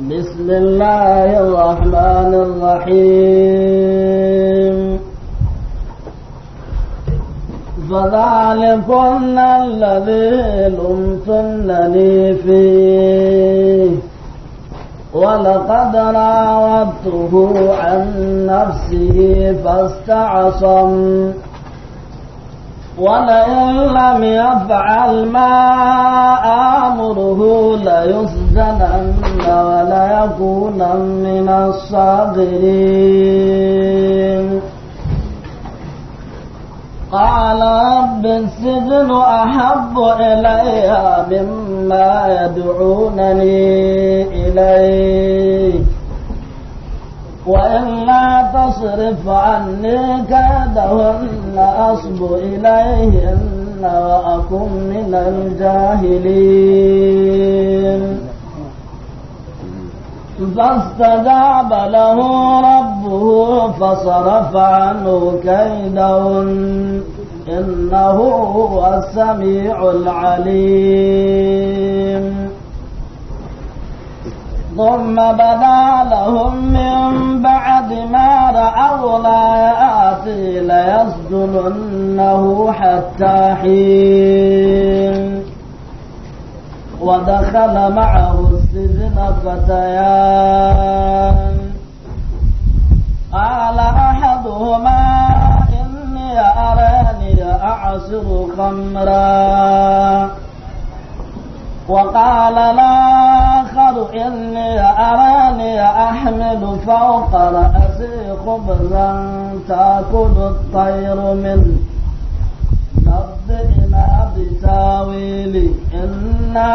بسم الله الرحمن الرحيم فذلكن الذي لمتنني فيه ولقد راودته عن نفسه فاستعصم ولئن لم يفعل ما آمره ليسجنن وليكونا من الصابرين قال رب السجن أحب إلي مما يدعونني إليه وإلا تصرف عني كادهن أصب إليهن وأكن من الجاهلين فاستجاب له ربه فصرف عنه كيدهن إنه هو السميع العليم ثم بدا لهم من بعد ما رأوا الآيات ليسجننه حتى حين ودخل معه سيدنا مكتيان قال أحدهما إني أراني أعصر خمرا وقال الآخر إني أراني أحمل فوق رأسي خبزا تأكل الطير منه بما بتاويل إنا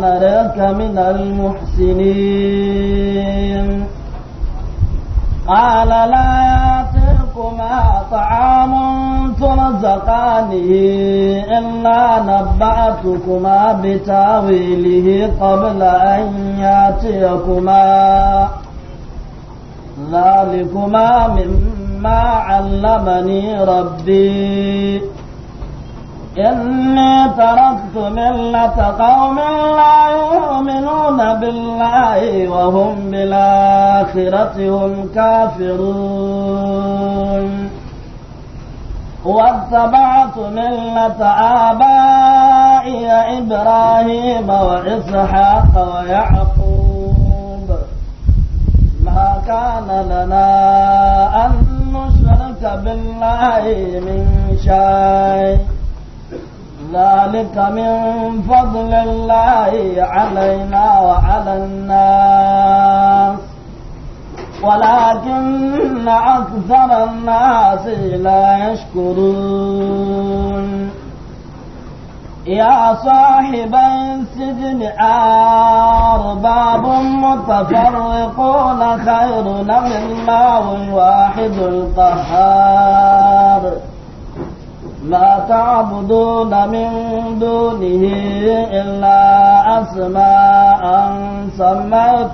نراك من المحسنين قال لا يأتيكما طعام ترزقانه إلا نبأتكما بتاويله قبل أن يأتيكما ذلكما مما علمني ربي إني تركت ملة قوم لا يؤمنون بالله وهم بالآخرة هم كافرون واتبعت ملة آبائي إبراهيم وإسحاق ويعقوب ما كان لنا أن نشرك بالله من شيء ذلك من فضل الله علينا وعلى الناس ولكن أكثر الناس لا يشكرون يا صاحب السجن أرباب متفرقون خير من الله الواحد القهار ما تعبدون من دونه إلا أسماء سميتموها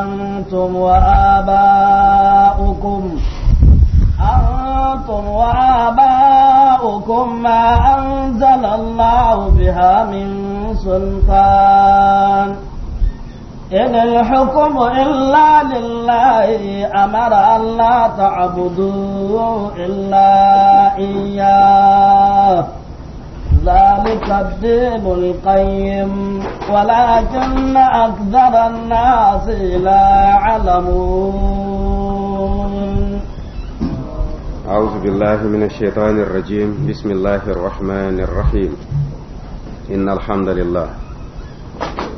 أنتم وآباؤكم أنتم وآباؤكم ما أنزل الله بها من سلطان إن الحكم إلا لله أمر أن لا تعبدوا إلا إياه ذلك الدين القيم ولكن أكثر الناس لا يعلمون أعوذ بالله من الشيطان الرجيم بسم الله الرحمن الرحيم إن الحمد لله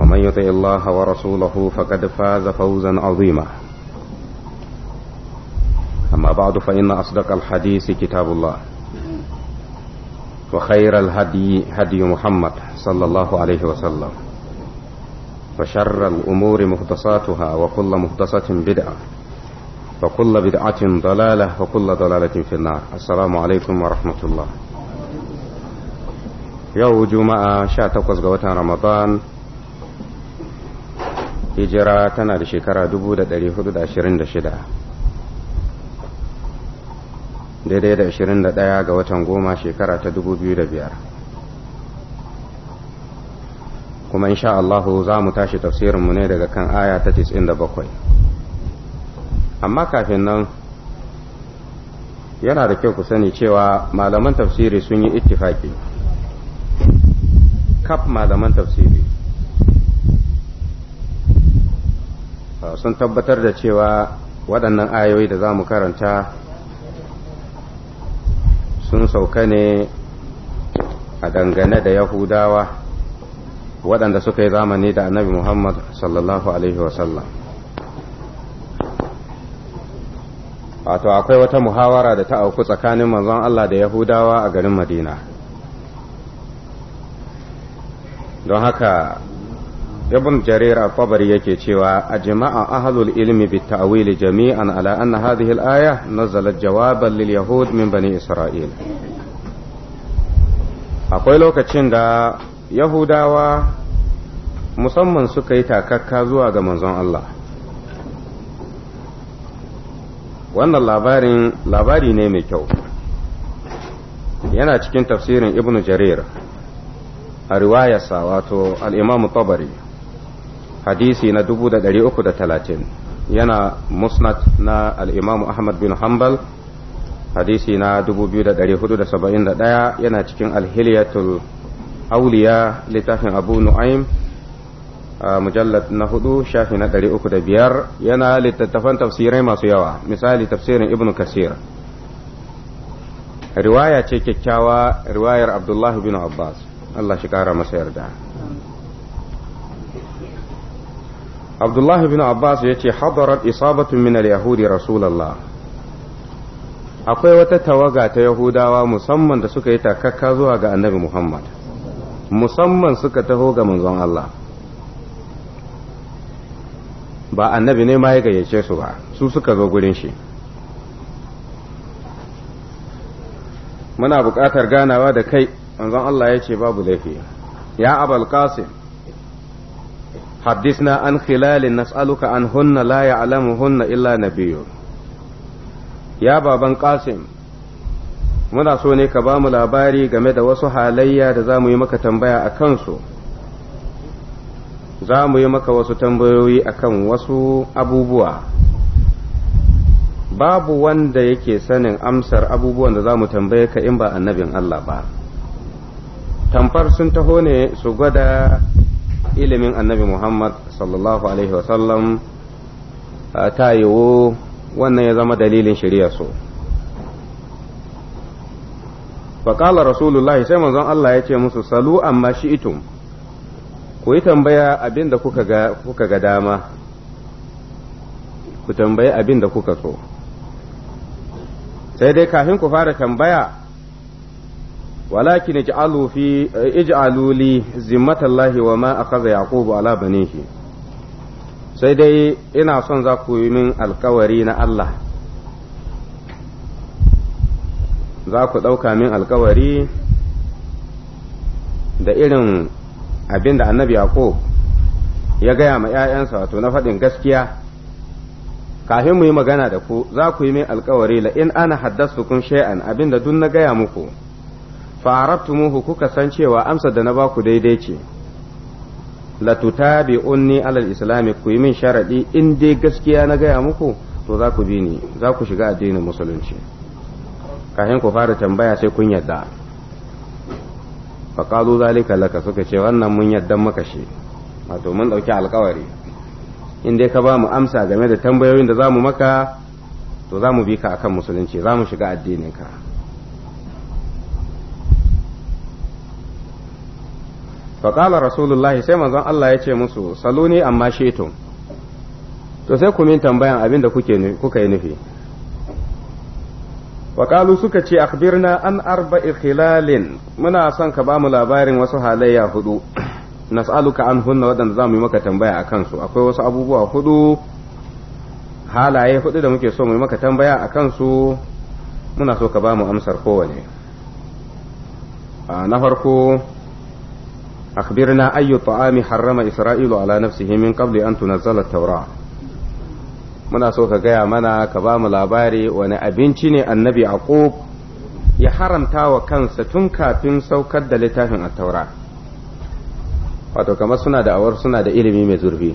ومن يطع الله ورسوله فقد فاز فوزا عظيما أما بعد فإن أصدق الحديث كتاب الله وخير الهدي هدي محمد صلى الله عليه وسلم وشر الأمور مهدساتها وكل مهدسة بدعة وكل بدعة ضلالة وكل ضلالة في النار السلام عليكم ورحمة الله يوم جمعة شاتوكس غوتان رمضان hijira tana da shekara 426 daidai da 21 ga watan goma shekara ta 2005 kuma insha Allahu za mu tashi mu ne daga kan aya ta 97 amma kafin nan yana da kyau ku sani cewa malaman tafsiri sun yi ittifaki kaf malaman tafsiri Uh, sun tabbatar da cewa waɗannan ayoyi da za mu karanta sun sauka ne a dangane da yahudawa waɗanda suka yi zamani da annabi muhammad sallallahu alaihi wasallam wato akwai wata muhawara da ta auku tsakanin manzon allah da yahudawa a garin madina don haka ibn jarir al-tabari yake cewa a jama'a ahlul ilmi bi ta'wil jami'an ala anna hadhihi al-aya nazalat jawaban lil yahud min bani isra'il akwai lokacin da yahudawa musamman suka yi takakka zuwa ga manzon Allah wannan labarin labari ne mai kyau yana cikin tafsirin ibn jarir a riwayarsa wato al-imam tabari hadisi na talatin yana musnad na al-imam ahmad bin hanbal hadisi na 2471 yana cikin alhiliyatul auliya littafin abu nu'aim mujallad na hudu shafi na da biyar yana littattafan tafsirai masu yawa misali tafsirin ibn kasir riwaya ce kyakkyawa riwayar abdullahi bin abbas Allah shi kara masa yarda abdullahi bin abbas ya ce hadarat isabatu min al-yahudi rasulallah akwai wata tawaga ta yahudawa musamman da suka yi takakka zuwa ga annabi muhammad musamman suka taho ga manzon allah ba annabi ne ma ya gayyace su ba su suka zo gurin shi muna buƙatar ganawa da kai manzon allah ya ce babu laifi ya abal qasim حدثنا عن خلال نسألك عنهن لا illa إلا نبي يا بابا قاسم muna so ne ka bamu labari game da wasu halayya da za yi maka tambaya a kansu za yi maka wasu tambayoyi a kan wasu abubuwa babu wanda yake sanin amsar abubuwan da za mu tambaye ka in ba annabin Allah ba tamfar sun taho ne su gwada ilimin annabi muhammad sallallahu alaihi wasallam ta yiwu wannan ya zama dalilin shirya su faƙalar rasulullahi sai manzon Allah ya ce musu salu amma shi'itum ku yi tambaya abin da kuka ga dama ku tambaya abin da kuka so sai dai kafin ku fara tambaya walakin ij'alu fi ij'alu li zimmatallahi wa ma akhadha ala banihi sai dai ina son za ku yi min alkawari na Allah za ku ɗauka min alkawari da irin abin da annabi yaqub ya gaya ma 'ya'yansa wato na faɗin gaskiya kafin mu yi magana da ku za ku yi min alkawari la in ana haddasa kun shay'an abin da duk na gaya muku fa'araftumuhu kuka san cewa amsa da na baku daidai ce la unni alal islami ku yi min sharadi in dai gaskiya na gaya muku to za ku bi ni za ku shiga addinin musulunci kafin ku fara tambaya sai kun yadda qalu zalika laka suka ce wannan mun yadda maka shi wato mun ɗauki alkawari in dai ka ba mu amsa game da tambayoyin da za mu maka to za mu bi ka akan musulunci za mu shiga addininka faƙala rasulullahi sai manzan Allah ya ce musu saluni amma shetum to sai ku min tambayan abinda kuka yi nufi faƙalu suka ce akhbirna an arba'i khilalin muna son ka ba mu labarin wasu halayya hudu nas'aluka an hunna waɗanda za mu yi maka tambaya a kansu akwai wasu abubuwa hudu halaye hudu da muke so mu yi maka tambaya a kansu muna so ka ba mu amsar kowane ah, na farko أخبرنا أي طعام حرم إسرائيل على نفسه من قبل أن تنزل التوراة muna so ka gaya mana ka ba mu labari wani abinci ne annabi aqub ya haramta wa kansa tun kafin saukar da littafin attaura wato kamar suna da awar suna da ilimi mai zurfi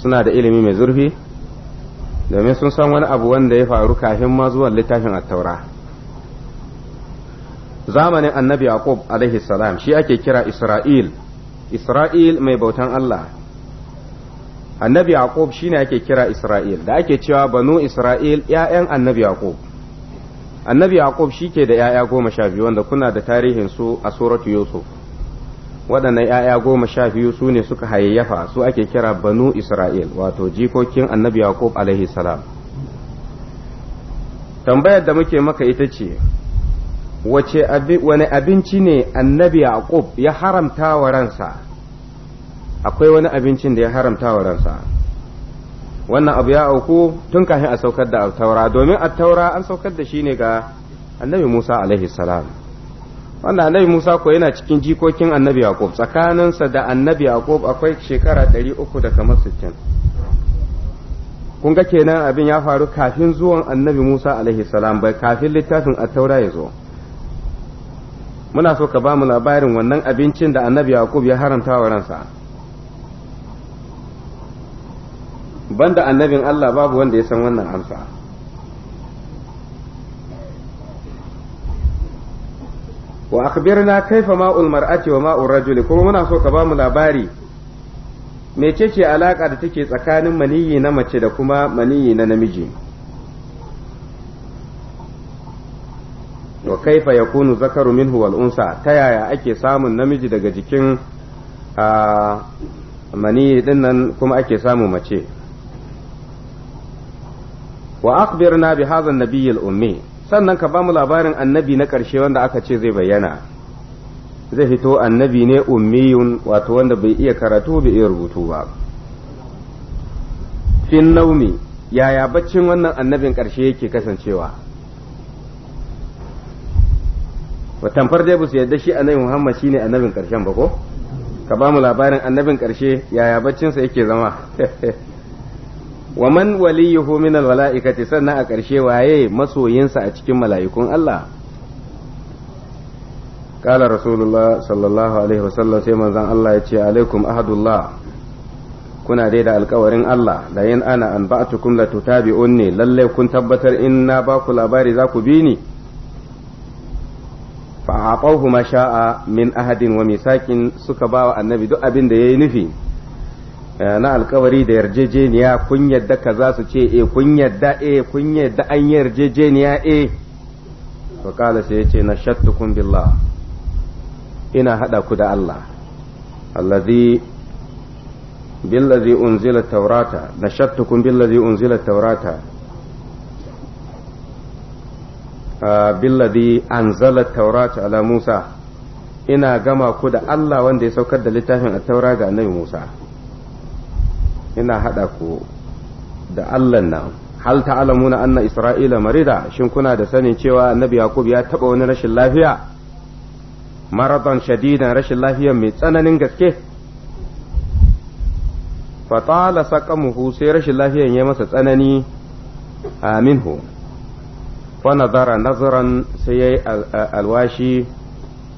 suna da ilimi mai zurfi domin sun san wani abu wanda ya faru kafin ma zuwan littafin attaura zamanin annabi yaqub alaihi salam shi ake kira isra'il isra'il mai bautan allah annabi yaqub shine ake kira isra'il da ake cewa banu isra'il ya'yan annabi yaqub annabi yaqub shike da ya'ya goma sha biyu wanda kuna da tarihin su a suratu yusuf waɗannan ya'ya goma sha biyu su ne suka hayayyafa su ake kira banu isra'il wato jikokin annabi yaqub alaihi salam tambayar da muke maka ita ce wace wani abinci ne annabi yaqub ya haramta wa ransa akwai wani abincin da ya haramta wa ransa wannan abu ya auku tun kafin a saukar da taura domin a taura an saukar da shi ne ga annabi musa alaihi salam wannan annabi musa ko yana cikin jikokin annabi yaqub tsakaninsa da annabi yaqub akwai shekara 300 da kamar 60 kun ga kenan abin ya faru kafin zuwan annabi Musa alaihi salam bai kafin littafin at-taura ya zo muna so ka bamu labarin wannan abincin da annabi yaqub ya haramta wa ransa banda annabin Allah babu wanda ya san wannan amsa wa akhbirna kaifa ma'ul mar'ati wa ma'ul rajuli kuma muna so ka ba mu labari mecece alaka da take tsakanin maniyi na mace da kuma maniyi na namiji wa kaifa kunu zakaru minhu wal unsa ta yaya ake samun namiji daga jikin mani din nan kuma ake samu mace wa akhbirna bi hadha an-nabiy al-ummi sannan ka bamu labarin annabi na karshe wanda aka ce zai bayyana zai fito annabi ne ummiyun wato wanda bai iya karatu bai iya rubutu ba fin naumi yaya baccin wannan annabin karshe yake kasancewa ba tamfar dai su yadda shi annabi Muhammad shine annabin karshen ba ko ka ba mu labarin annabin karshe yaya baccinsa yake zama wa man waliyuhu min almalaikati sannan a karshe waye masoyinsa a cikin mala'ikun Allah قال رسول الله صلى الله عليه sai manzon Allah ya ce alaikum ahadullah kuna dai da alkawarin Allah da yin ana an ba'tukum la tutabi'unni lalle kun tabbatar in na ba ku labari za ku bi ni fa aqahu ma sha'a min ahadin wa misaqin suka ba wa annabi duk abinda ya yi nufi eh, na alkawari da yarjejeniya kun yadda kaza su ce eh kun yadda eh kun yadda an yarjejeniya eh fa kala sai yace nashattukum billah ina hada ku da Allah allazi billazi unzila unzila billadi anzala taurat ala Musa ina gama ku da Allah wanda ya saukar da littafin a taura ga annabi Musa ina haɗa ku da Allah nan hal ta'lamuna anna isra'ila marida shin kuna da sanin cewa annabi yaqub ya taba wani rashin lafiya maradan shadidan rashin lafiya mai tsananin gaske fatala saqamuhu sai rashin lafiyan ya masa tsanani aminhu fanazara nazaran sai yayi alwashi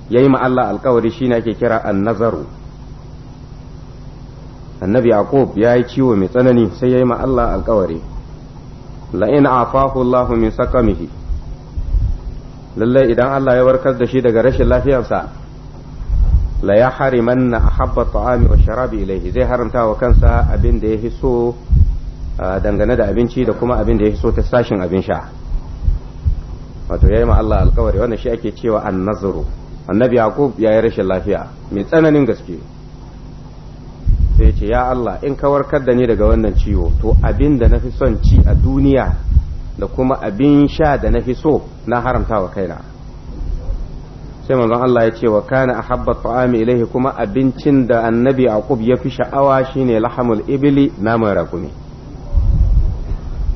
yayi ma Allah alkawari shine ake kira an-nazaru annabi yaqub yayi ciwo mai tsanani sai yayi ma Allah alkawari la in afahu Allah min sakamihi lallai idan Allah ya warkar da shi daga rashin lafiyarsa la ya harimanna ahabba ta'ami wa sharabi ilaihi zai haramta wa kansa abin da ya so dangane da abinci da kuma abin da ya so ta sashin abin sha wato yayi ma Allah alkawari wannan shi ake cewa annazuru annabi yaqub yayi rashin lafiya mai tsananin gaske sai ya ce ya Allah in ka warkar da ni daga wannan ciwo to abin da nafi son ci a duniya da kuma abin sha da nafi so na haramta wa kaina sai manzon Allah ya ce wa kana ahabba ta'ami ilaihi kuma abincin da annabi yaqub ya fi sha'awa shine lahamul ibli naman rakumi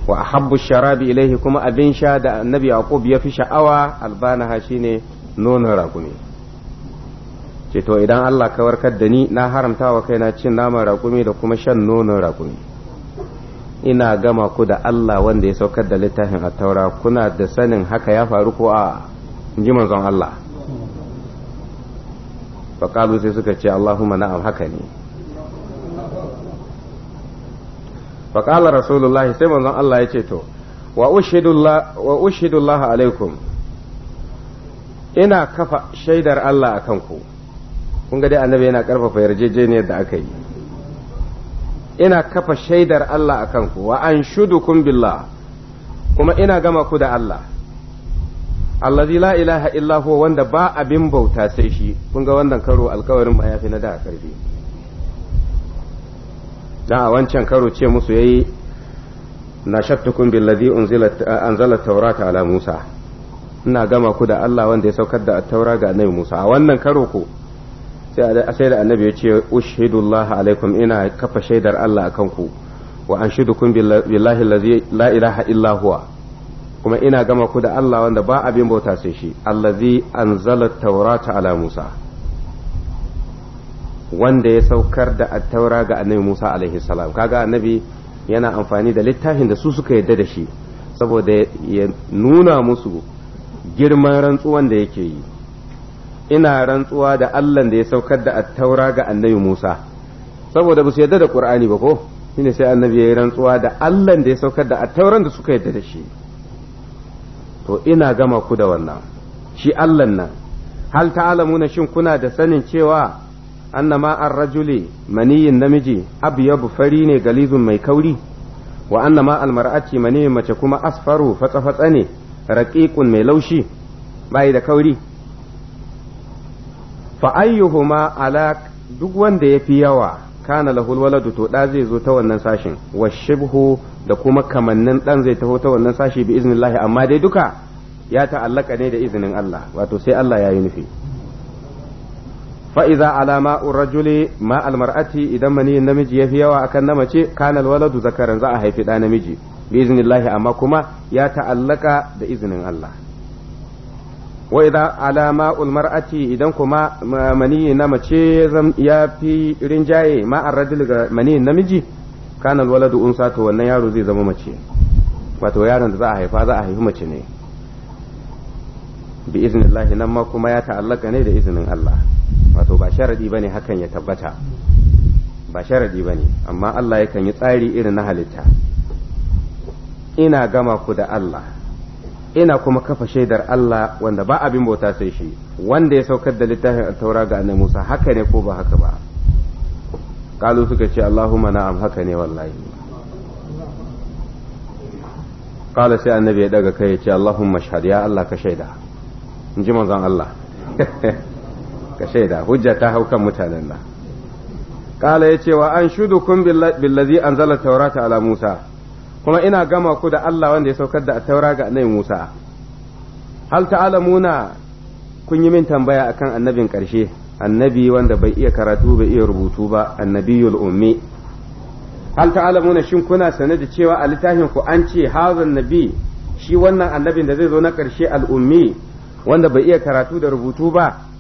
wa ahabbu sharabi ilaihi kuma abin sha da annabi yaqub ya fi sha'awa albanaha shine nonon raƙumi ce to idan Allah ka warkar da ni na haramta wa kaina cin naman raƙumi da kuma shan nonon raƙumi ina gama ku da Allah wanda ya saukar da littafin attaura kuna da sanin haka ya faru ko a inji ji manzon Allah kalu sai suka ce Allahumma na'am haka ne faƙala rasulullahi sai manzon Allah ya ce to wa ushidullah alaikum ina kafa shaidar Allah a kanku kun ga dai annabi yana ƙarfafa yarjejeniyar da aka yi ina kafa shaidar Allah a kanku wa an shudukum billah kuma ina gama ku da Allah allazi la ilaha illa wanda ba abin bauta sai shi kun ga wannan karo alkawarin ba ya fi na da karfi dan a wancan karo ce musu yayi nashattukum billadhi taura ta ala Musa ina gama ku da Allah wanda ya saukar da taura ga annabi Musa a wannan karo ko sai da annabi ya ce ushidu ushhidullah alaikum ina kafa shaidar Allah akan ku wa anshidukum billahi allazi la ilaha illa huwa kuma ina gama ku da Allah wanda ba abin bauta sai shi allazi anzalat taurata ala Musa wanda ya saukar da attaura ga annabi Musa alaihi salam kaga annabi yana amfani da littafin da su suka yadda da shi saboda ya nuna musu girman rantsuwan da yake yi ina rantsuwa da Allah da ya saukar da attaura ga annabi Musa saboda ba su yadda da Qur'ani ba ko shine sai annabi ya yi rantsuwa da Allah da ya saukar da attauran da suka yadda da shi to ina gama ku da wannan shi Allah nan hal na shin kuna da sanin cewa annama ar-rajuli maniyin namiji abyabu fari ne galizun mai kauri wa annama al-mar'ati maniyin mace kuma asfaru fatsa fatsa ne raqiqun mai laushi bai da kauri fa ayyuhuma ala duk wanda yafi yawa kana lahul waladu to da zai zo ta wannan sashin wa shibhu da kuma kamannin dan zai taho ta wannan sashi bi iznillahi amma dai duka ya ta'allaka ne da izinin Allah wato sai Allah ya yi nufi fa idza alama rajuli ma almar'ati idan mani namiji yafi yawa akan na mace kana alwaladu zakaran za a haifi da namiji bi iznillahi amma kuma ya ta'allaka da iznin Allah wa idza alama almar'ati idan kuma mani na mace ya fi rinjaye ma ar-rajul ga mani namiji kana alwaladu unsa to wannan yaro zai zama mace wato yaron da za a haifa za a haifi mace ne bi iznillahi nan ma kuma ya ta'allaka ne da iznin Allah wato ba sharadi bane hakan ya tabbata ba sharadi bane amma Allah yakan yi tsari irin na halitta ina gama ku da Allah ina kuma kafa shaidar Allah wanda ba abin bauta sai shi wanda ya saukar da littafin taura ga annabi Musa haka ne ko ba haka ba kalu suka ce Allahumma na'am haka ne wallahi kala sai annabi ya daga kai ya ce Allahumma shahad ya Allah ka shaida in ji manzon Allah ka shaida hujja ta hau kan mutanen nan kala ya cewa an shudu kun billazi anzala taurata ala musa kuma ina gama ku da Allah wanda ya saukar da taura ga annabi musa hal ta'alamuna kun yi min tambaya akan annabin karshe annabi wanda bai iya karatu bai iya rubutu ba annabiyul ummi hal ta'alamuna shin kuna sane da cewa a littafin ku an ce hazan nabi shi wannan annabin da zai zo na karshe al'ummi wanda bai iya karatu da rubutu ba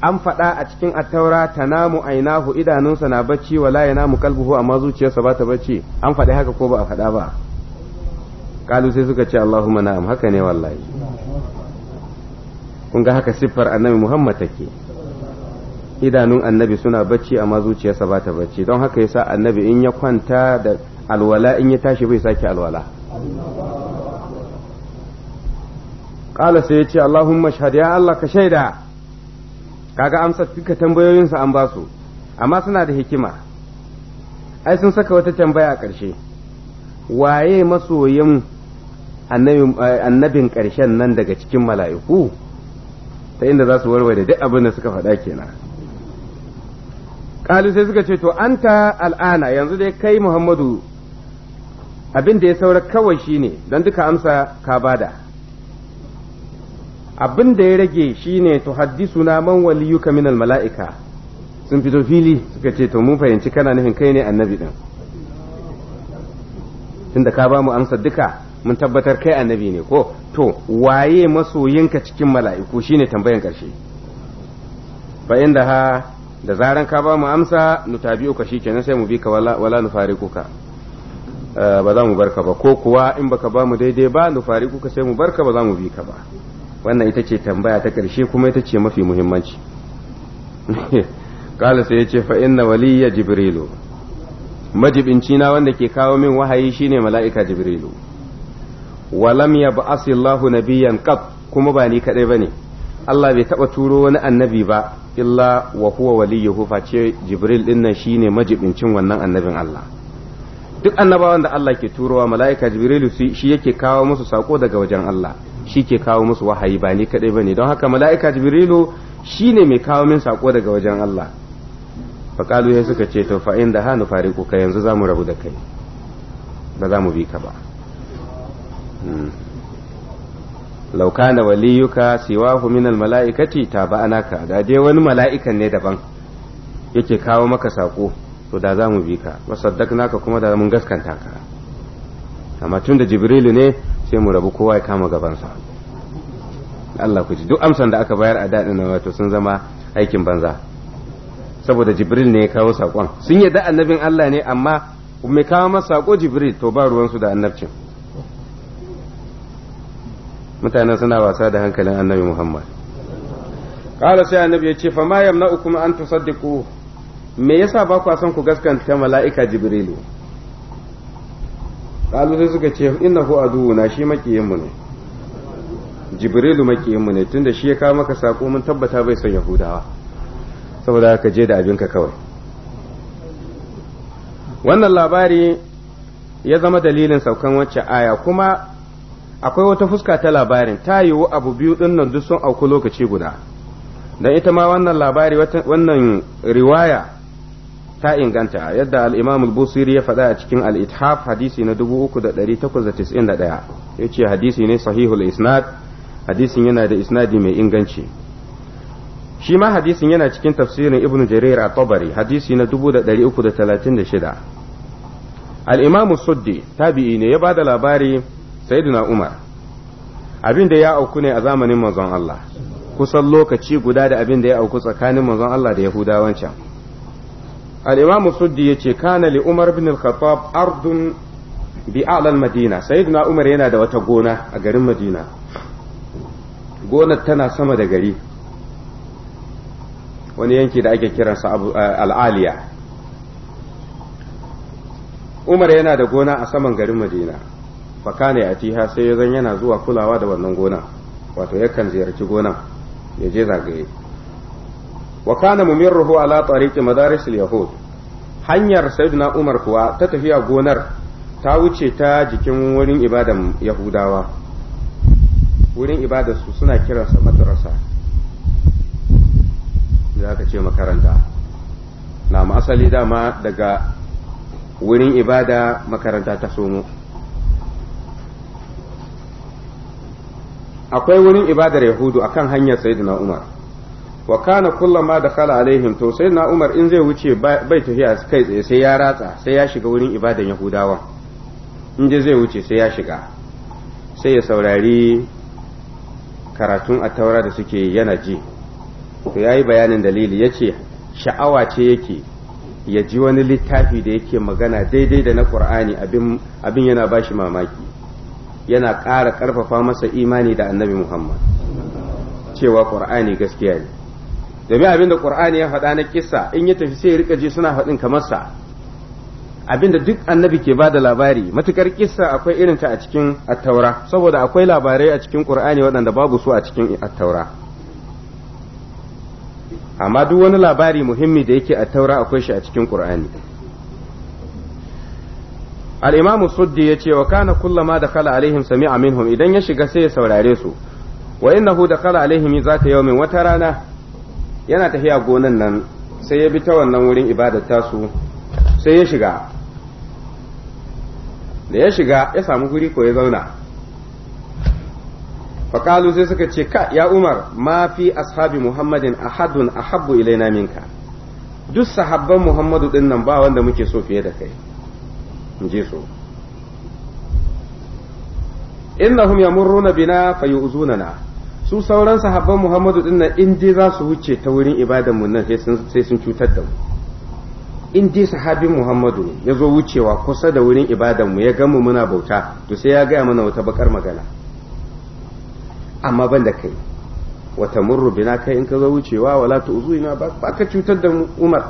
an faɗa a cikin attaura tanamu ainahu idanunsa na bacci wala yanamu qalbuhu amma zuciyarsa ba ta bacci an faɗi haka ko ba a faɗa ba kalu sai suka ce Allahumma na'am haka ne wallahi kun ga haka siffar annabi Muhammad take idanun annabi suna bacci amma zuciyarsa ba ta bacci don haka yasa annabi in ya kwanta da alwala in ya tashi bai sake alwala qala sai ya ce Allahumma shahad ya Allah ka shaida kaga amsa duka tambayoyinsu an ba su amma suna da hikima ai sun saka wata tambaya a ƙarshe waye masoyin annabin ƙarshen nan daga cikin mala'iku ta inda za su warware duk abin da suka faɗa kenan ƙalu sai suka ce to anta al'ana yanzu dai kai muhammadu abin da ya saura kawai shine don duka amsa ka bada abin da ya rage shine to na man waliyuka min mala'ika sun fito fili suka ce to mun fahimci kana nufin kai ne annabi din tunda ka ba mu amsa duka mun tabbatar kai annabi ne ko to waye masoyinka cikin mala'iku shine tambayan karshe fa inda ha da zaran ka ba mu amsa shi shikenan sai mu bi ka wala wala nufariquka eh, ba za mu barka ba ko kuwa in baka ba mu daidai ba nufariquka sai mu barka ba za mu bi ka ba wannan ita ce tambaya ta ƙarshe kuma ita ce mafi muhimmanci kala sai ya ce fa inna waliya jibrilu majibinci na wanda ke kawo min wahayi shine mala'ika jibrilu walam ya ba'asi na nabiyan kaf kuma ba ni kadai ne Allah bai taɓa turo wani annabi ba illa wa huwa waliyuhu face jibril din nan shine majibincin wannan annabin Allah duk annabawan da Allah ke turowa mala'ika jibrilu shi yake kawo musu sako daga wajen Allah shi ke kawo musu wahayi ba ni kadai bane don haka mala'ika jibrilu ne mai kawo min sako daga wajen Allah faqalu ya suka ce to fa inda hanu fariqu ka yanzu zamu rabu da kai ba za mu bi ka ba hmm. law kana waliyuka siwahu min al mala'ikati naka da dai wani mala'ikan ne daban yake kawo maka sako to da za mu bi ka kuma da mun gaskanta ka amma tun jibrilu ne sai mu rabu kowa ya kama gabansa Allah ku ji duk amsan da aka bayar a daɗin nan wato sun zama aikin banza saboda jibril ne ya kawo saƙon sun yadda annabin Allah ne amma mai kawo masa saƙo jibril to ba ruwansu da annabcin mutanen suna wasa da hankalin annabi muhammad kala sai annabi ya ce fa yamna kuma an tusaddiqu me yasa ba ku son ku gaskanta mala'ika jibrilu kalu sai suka ce innahu na shi makiyinmu ne jibrilu makiyinmu ne tunda shi ya kawo maka sako mun tabbata bai son yahudawa saboda haka je da abinka kawai wannan labari ya zama dalilin saukan wacce aya kuma akwai wata fuska ta labarin ta yiwu abu biyu din nan duk sun auku lokaci guda dan ita ma wannan labari wannan riwaya ta inganta yadda al-Imam al-Busiri ya faɗa a cikin al-Ithaf hadisi na 3891 yace hadisi ne sahihul isnad hadisin yana da isnadi mai inganci shi ma hadisin yana cikin tafsirin Ibn Jarir at-Tabari hadisi na da al-Imam Suddi tabi'i ne ya bada labari Sayyidina Umar abin da ya auku ne a zamanin manzon Allah kusan lokaci guda da abin da ya auku tsakanin manzon Allah da Yahudawan can الإمام imam يتي yace لأمر بن umar أرض بأعلى المدينة ardun أمر a'la al-madina sayyidina umar yana da wata gona a garin madina gonar tana sama da gari wani yanki da ake al'aliya umar yana da gona a saman garin madina fakane a tiha sai ya zan yana zuwa kulawa da wannan gona wato yakan ziyarci gonan ya je zagaye wa kana mumirruhu ala tariqi madaris yahud hanyar sayyidina umar kuwa ta tafiya gonar ta wuce ta jikin wurin ibadan yahudawa wurin ibadarsu suna kiransa madrasa za ka ce makaranta na asali dama daga wurin ibada makaranta ta somo akwai wurin ibadar yahudu akan hanyar sayyidina umar wa kana ma da kala alaihim to sai na umar in zai wuce bai tafiya kai tsaye sai ya ratsa sai ya shiga wurin ibadan Yahudawa, in je zai wuce sai ya shiga sai ya saurari karatun attaura da suke yana ji to yayi bayanin dalili ce sha'awa ce yake ya ji wani littafi da yake magana daidai da na qur'ani abin yana ba shi mamaki yana ƙara ƙarfafa masa imani da annabi muhammad cewa qur'ani gaskiya ne domin abin da qur'ani ya faɗa na kisa in ya tafi sai ya rika ji suna faɗin kamar sa abin da duk annabi ke bada labari matukar kisa akwai irin ta a cikin attaura saboda akwai labarai a cikin qur'ani waɗanda babu su a cikin attaura amma duk wani labari muhimmi da yake attaura akwai shi a cikin qur'ani al-imam ya ce wa kana da kala alaihim sami'a minhum idan ya shiga sai ya saurare su wa innahu kala alaihim zata yawmin wata rana yana tafiya gonan nan sai ya bi ta wannan wurin ibadata su sai ya shiga da ya shiga ya samu guri ko ya zauna faƙalu sai suka ce ka ya umar ma fi ashabi muhammadin ahadun ahabbu ilaina minka duk sahabban muhammadu din nan ba wanda muke so fiye da kai in je so innahum yamurruna bina fayuzunana su sauran sahabban Muhammadu din nan in dai za su wuce ta wurin ibadan mu nan sai sun cutar da mu in dai sahabin Muhammadu ya zo wucewa kusa da wurin ibadan mu ya ga mu muna bauta to sai ya gaya mana wata bakar magana amma ban da kai wata murru bina kai in ka zo wucewa wala uzu ba ba ka cutar da Umar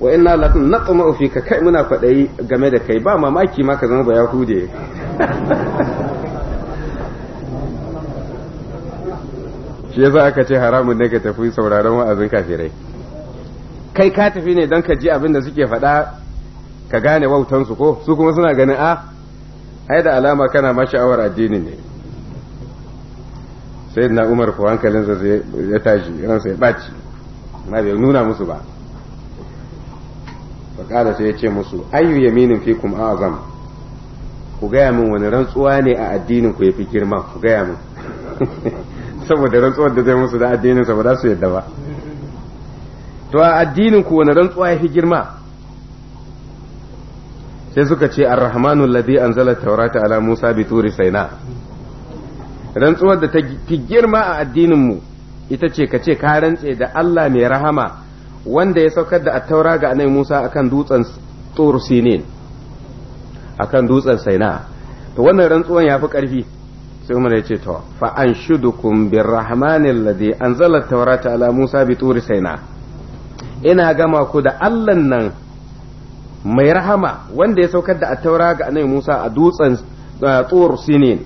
wa inna la naqma fika kai muna fadai game da kai ba mamaki ma ka zama ba yahude shi yasa aka ce haramun ne ka tafi sauraron wa'azin kafirai kai ka tafi ne don ka ji abin da suke faɗa ka gane wautansu ko su kuma suna ganin a ah, ai da alama kana ma sha'awar addini ne sai na umar ko hankalinsa ya tashi ransa ya ɓaci na bai nuna musu ba faƙada sai ya ce musu ayyu yaminin fikum azam ku gaya min wani rantsuwa ne a addinin ku ya fi girma ku gaya min saboda rantsuwar da zai musu da addininsa ba za su yadda ba to a addinin ku wani rantsuwa ya fi girma sai suka ce ar-rahmanu anzala taurata ala musa bi turi saina rantsuwar da ta fi girma a addinin mu ita ce ka ce ka rantse da Allah mai rahama wanda ya saukar da attaura ga annabi Musa akan dutsen Tur Sinin akan dutsen Saina to wannan rantsuwan fi karfi sai umar ya ce to fa an shudukum ladi ladhi anzala tawrata ala musa bi turi saina ina gama ku da allan nan mai rahama wanda ya saukar da attaura ga annabi musa a dutsen tsor sinin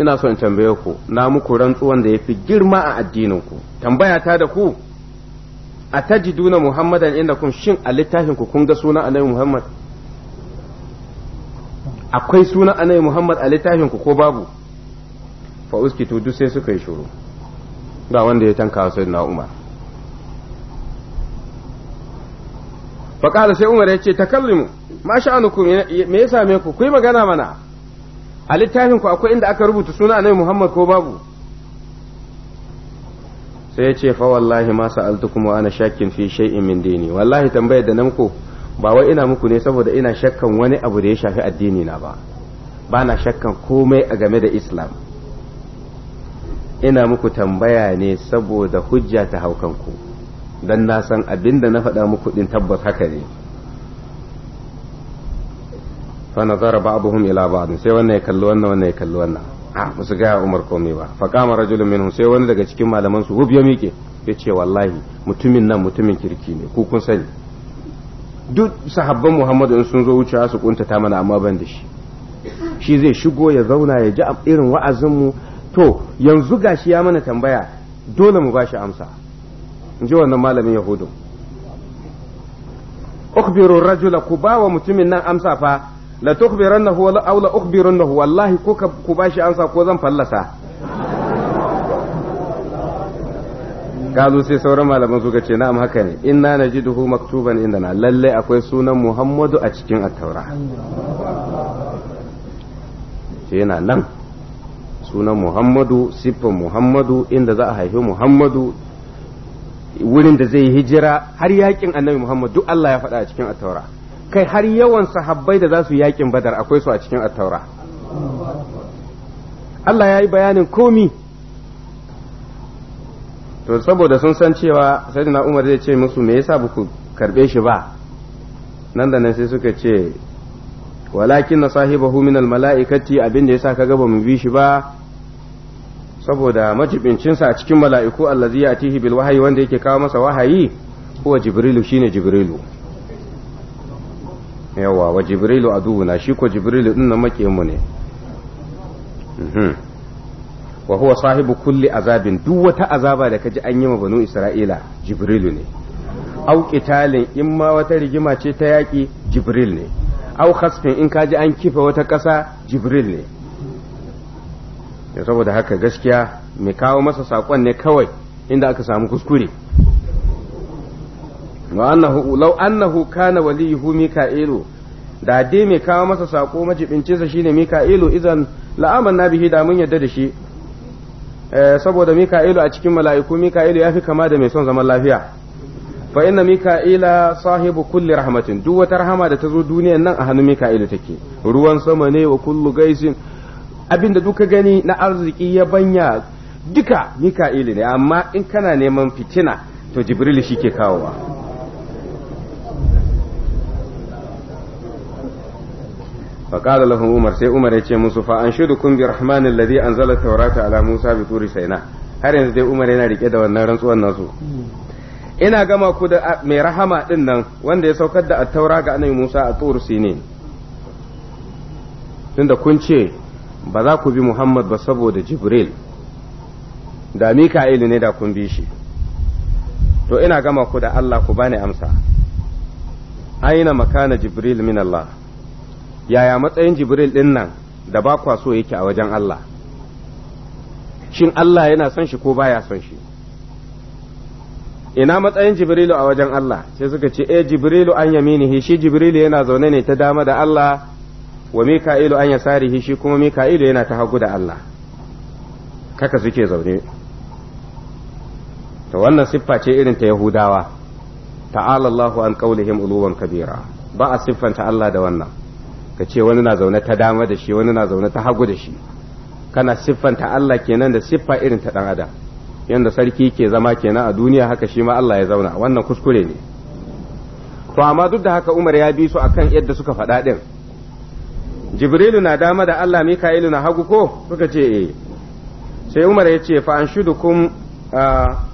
ina son tambaye ku na muku rantsuwan da fi girma a addinin ku tambaya ta da ku a tajiduna muhammadan inda kun shin a littafin ku kun ga sunan annabi muhammad akwai sunan annabi Muhammad a littafin ku ko babu fa uskitu duk sai suka yi shuru ga wanda ya tanka sayyidina Umar fa qala sai Umar ya ce takallimu ma sha'anukum me ya same ku ku yi magana mana a littafin ku akwai inda aka rubuta sunan annabi Muhammad ko babu sai ya ce fa wallahi ma sa'altukum wa ana shakkin fi shay'in min dini wallahi tambayar da namko ba wai ina muku ne saboda ina shakkan wani abu da ya shafi addini na ba ba na shakkan komai a game da islam ina muku tambaya ne saboda hujja ta haukanku don na san abin da na faɗa muku ɗin tabbas haka ne fa ba ba'dhum ila ba'd sai wannan ya kalli wannan wannan ya kalli wannan a musu gaya Umar komai ba fa rajulun minhum sai wani daga cikin malaman su hub ya ya ce wallahi mutumin nan mutumin kirki ne ku kun sani duk sahabban muhammadu in sun zo wucewa su kuntata mana amma ban da shi shi zai shigo ya zauna ya ji a irin wa'azinmu to yanzu shi ya mana tambaya dole mu ba shi amsa in ji wannan malamin yahudu ukhbiru rajula ku ba wa mutumin nan amsa fa la huwa wala aula ukhbirunnahu wallahi ku ku shi amsa ko zan fallasa kazo sai sauran malaman suka ce na'am haka ne inna najiduhu maktuban na lalle akwai sunan muhammadu a cikin attaura ce yana nan sunan muhammadu siffan muhammadu inda za a haifi muhammadu wurin da zai yi hijira har yakin annabi muhammad duk Allah ya faɗa a cikin attaura kai har yawan sahabbai da za su yakin badar akwai su a cikin attaura Allah ya yi bayanin komi to saboda sun san cewa na Umar zai ce musu me yasa buku karbe shi ba nan da nan sai suka ce walakin na sahibahu min almala'ikati abin da yasa kaga ba mu bi shi ba saboda majibincinsa a cikin mala'iku allazi yatihi bil wahayi wanda yake kawo masa wahayi huwa jibrilu shine jibrilu yawa wa jibrilu aduwuna shi ko jibrilu din nan makiyin mu ne mhm. wa huwa sahibu kulli azabin duk wata azaba da kaji an yi ma banu isra'ila jibrilu ne au qitalin in ma wata rigima ce ta yaki jibril ne au khasfin in kaji an kifa wata kasa jibril ne saboda haka gaskiya mai kawo masa saƙon ne kawai inda aka samu kuskure wa annahu law annahu kana waliyuhu mika'ilu da dai mai kawo masa sako majibincinsa shine mika'ilu idan la'aman nabihi da mun yadda da shi Eh, saboda mika'ilu a cikin mala'iku mika'ilu ya fi kama da mai son zaman lafiya fa inna mika'ila sahibu kulli rahmatin duk wata rahama da ta zo duniyan nan a hannun mika'ilu take ruwan sama ne wa kullu gaisin abinda duka gani na arziki ya banya duka mika'ilu ne amma in kana neman fitina to jibril shi ke kawowa فقال Umar عمر Umar ya ce musu فأنشدكم برحمن الذي أنزل التوراة على موسى بطور سيناء har yanzu dai Umar yana rike da wannan rantsuwan nasu ina gama ku da mai rahama din nan wanda ya saukar da attaura ga annabi Musa a tsoro sine tunda kun ce ba za ku bi Muhammad ba saboda Jibril da Mika'ilu ne da kun bi shi to ina gama ku da Allah ku bani amsa aina makana Jibril min Allah yaya matsayin jibril ɗin nan da ba kwa so yake a wajen Allah shin Allah yana son shi ko baya son shi ina matsayin jibrilu a wajen Allah sai suka ce eh jibrilu an yaminihi shi jibrilu yana zaune ne ta dama da Allah wa mika'ilu an yasarihi shi kuma mika'ilu yana ta hagu da Allah kaka suke zaune to wannan siffa ce irin ta yahudawa ta'ala Allahu an qaulihim uluwan kabira ba a siffanta Allah da wannan ka ce wani na zaune ta dama da shi wani na zaune ta hagu da shi kana siffanta Allah kenan da siffa irin ta dan ada yanda sarki ke zama kenan a duniya haka shi ma Allah ya zauna wannan kuskure ne to amma duk da haka Umar ya bi su akan yadda suka faɗa din Jibrilu na dama da Allah Mika'ilu na hagu ko suka ce eh sai Umar ya ce fa an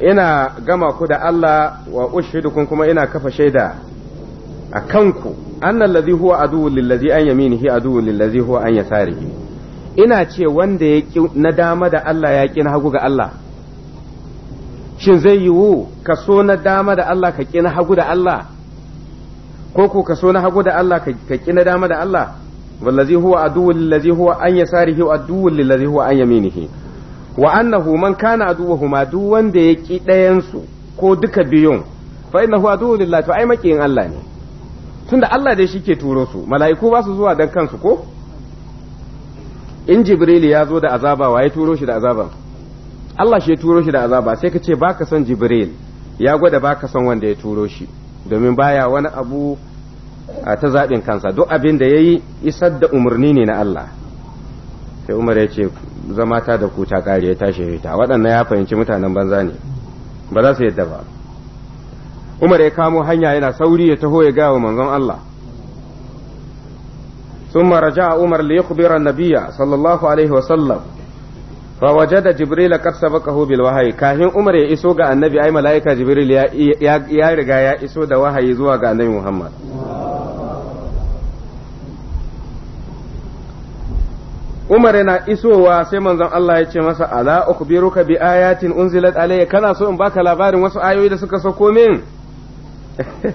ina gama ku da Allah wa ushidukum kuma ina kafa shaida a kanku annal ladhi huwa aduwwul lillazi an yaminihi aduwwul lillazi huwa an yasarihi ina ce wanda ya ƙi na dama da Allah ya ƙi na hagu ga Allah shin zai yiwu ka so na dama da Allah ka ƙi na hagu da Allah ko ko ka so na hagu da Allah ka ƙi na dama da Allah wallazi huwa aduwwul lillazi huwa an yasarihi wa aduwwul lillazi huwa an yaminihi wa annahu man kana aduwwuhuma duk wanda ya ki dayan su ko duka biyun fa innahu aduwwul lillahi to ai makiyin Allah ne Tun da Allah dai shi ke turo su mala'iku ba su zuwa dan kansu ko in jibrili ya zo da azaba wa ya turo shi da azaban Allah shi ya turo shi da azaba sai ka ce baka son jibril ya gwada baka son wanda ya turo shi domin baya wani abu a ta zaɓin kansa duk abin da ya yi isar da umarni ne na Allah sai umar ya ce zama ta da ku ta ƙari ya tashi ta waɗannan ya fahimci mutanen banza ne ba za su yadda ba umar ya kamo hanya yana sauri ya taho ya gawa manzan Allah ثم رجع عمر ليخبر النبي صلى الله عليه وسلم فوجد جبريل قد سبقه بالوحي كاهن عمر ya iso ga annabi ai malaika jibril ya riga ya iso da wahayi zuwa ga annabi muhammad Umar yana isowa sai manzon Allah ya ce masa ala ukhbiruka bi ayatin unzilat alayya kana so in baka labarin wasu ayoyi da suka sauko min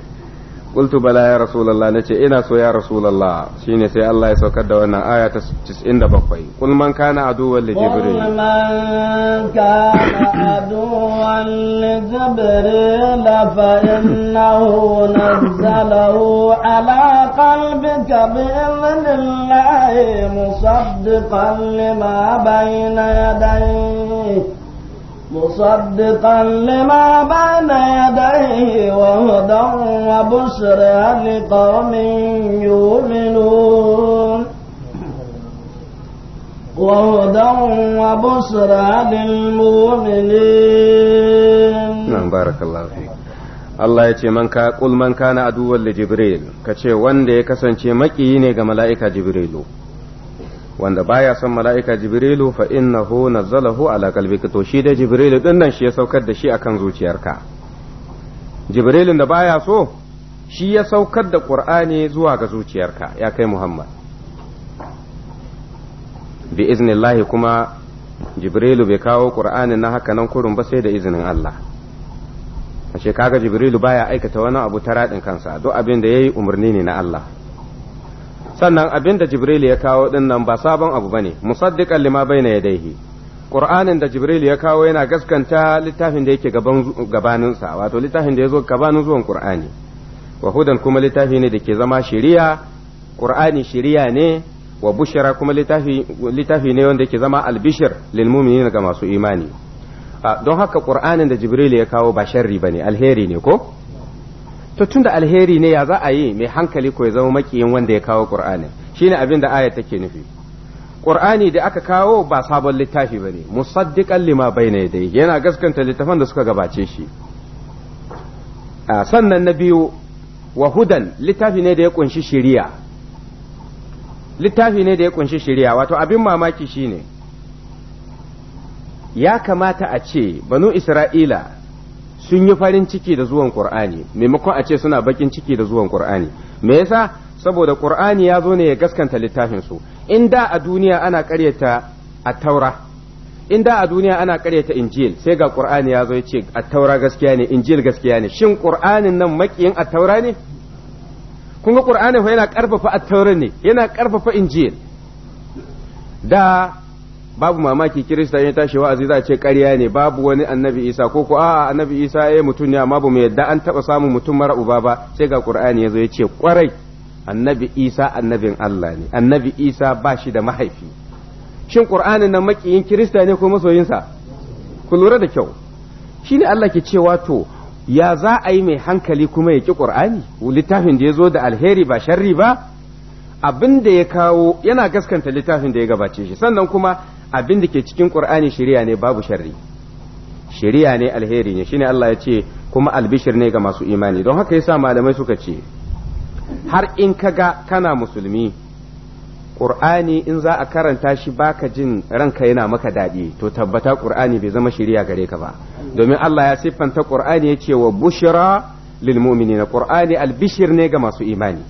qultu bala ya rasulullah nace ina so ya rasulullah shine sai Allah ya saukar da wannan aya ta 97 kul Kulman kana aduwwan li jibril kul man kana aduwwan li jibril fa innahu nazzalahu ala qalbika bi idhnillahi musaddiqan lima bayna yadayhi مصدقا لما بين يديه وهدى وبشرى لقوم يؤمنون وهدى وبشرى للمؤمنين نعم بارك الله فيك Allah ya ce man ka kul man kana aduwar li Jibril kace wanda ya kasance makiyi ne ga mala'ika Jibrilu wanda baya son mala'ika jibrilu fa innahu nazzalahu ala qalbika to shi da jibrilu din nan shi ya saukar da shi akan zuciyarka jibrilun da baya so shi ya saukar da qur'ani zuwa ga zuciyarka ya kai muhammad bi iznillahi kuma jibrilu bai kawo qur'ani na haka nan kurun ba sai da izinin allah ashe kaga jibrilu baya aikata wani abu ta radin kansa duk abin da yi umarni ne na allah sannan abin da jibril ya kawo din nan ba sabon abu bane musaddiqan lima ya yadaihi, qur'anin da jibril ya kawo yana gaskanta littafin da yake gaban gabanin wato littafin da yazo gabanin zuwan qur'ani wa hudan kuma littafi ne da ke zama shari'a qur'ani shari'a ne wa bushara kuma littafi ne wanda yake zama albishir lil mu'minin ga masu imani don haka qur'anin da jibril ya kawo ba sharri bane alheri ne ko to da alheri ne ya za a yi mai hankali ko ya zama makiyin wanda ya kawo qur'ani shine abin da aya take nufi qur'ani da aka kawo ba sabon littafi bane musaddiqan lima bayna yadayhi yana gaskanta littafan da suka gabace shi sannan na biyu wa hudan littafi ne da ya kunshi shiriya littafi ne da ya kunshi shiriya wato abin mamaki shine ya kamata a ce banu isra'ila sun yi farin ciki da zuwan qur'ani maimakon a ce suna bakin ciki da zuwan qur'ani me yasa saboda qur'ani ya zo ne ya gaskanta littafin su in da a duniya ana karyata A taura in da a duniya ana karyata injil sai ga qur'ani ya zo ya ce a taura gaskiya ne injil gaskiya ne shin qur'anin nan makiyin a taura ne kun ga qur'ani fa yana karfafa a taura ne yana karfafa injil da babu mamaki kirista ya tashi wa'azi za ce ƙarya ne babu wani annabi isa ko ko a'a annabi isa ya eh, mutum ne amma bamu yadda an taba samun mutum mara uba ba sai ga qur'ani yazo ya ce kwarai annabi isa annabin Allah ne annabi isa ba shi da mahaifi shin qur'anin na makiyin kirista ne ko masoyinsa ku lura da kyau Shi ne Allah ke cewa to ya za a yi mai hankali kuma ya ki qur'ani littafin da ya zo da alheri ba sharri ba abin da ya kawo yana gaskanta littafin da ya gabace shi sannan kuma abin da ke cikin qur'ani shari'a ne babu sharri shari'a ne alheri ne shine Allah ya ce kuma albishir ne ga masu imani don haka yasa malamai suka ce har in ka kaga kana musulmi qur'ani in za a karanta shi baka jin ranka yana maka daɗi to tabbata qur'ani bai zama shari'a gare ka ba domin Allah ya siffanta qur'ani ya ce wa bushra lil mu'minina qur'ani albishir ne ga masu imani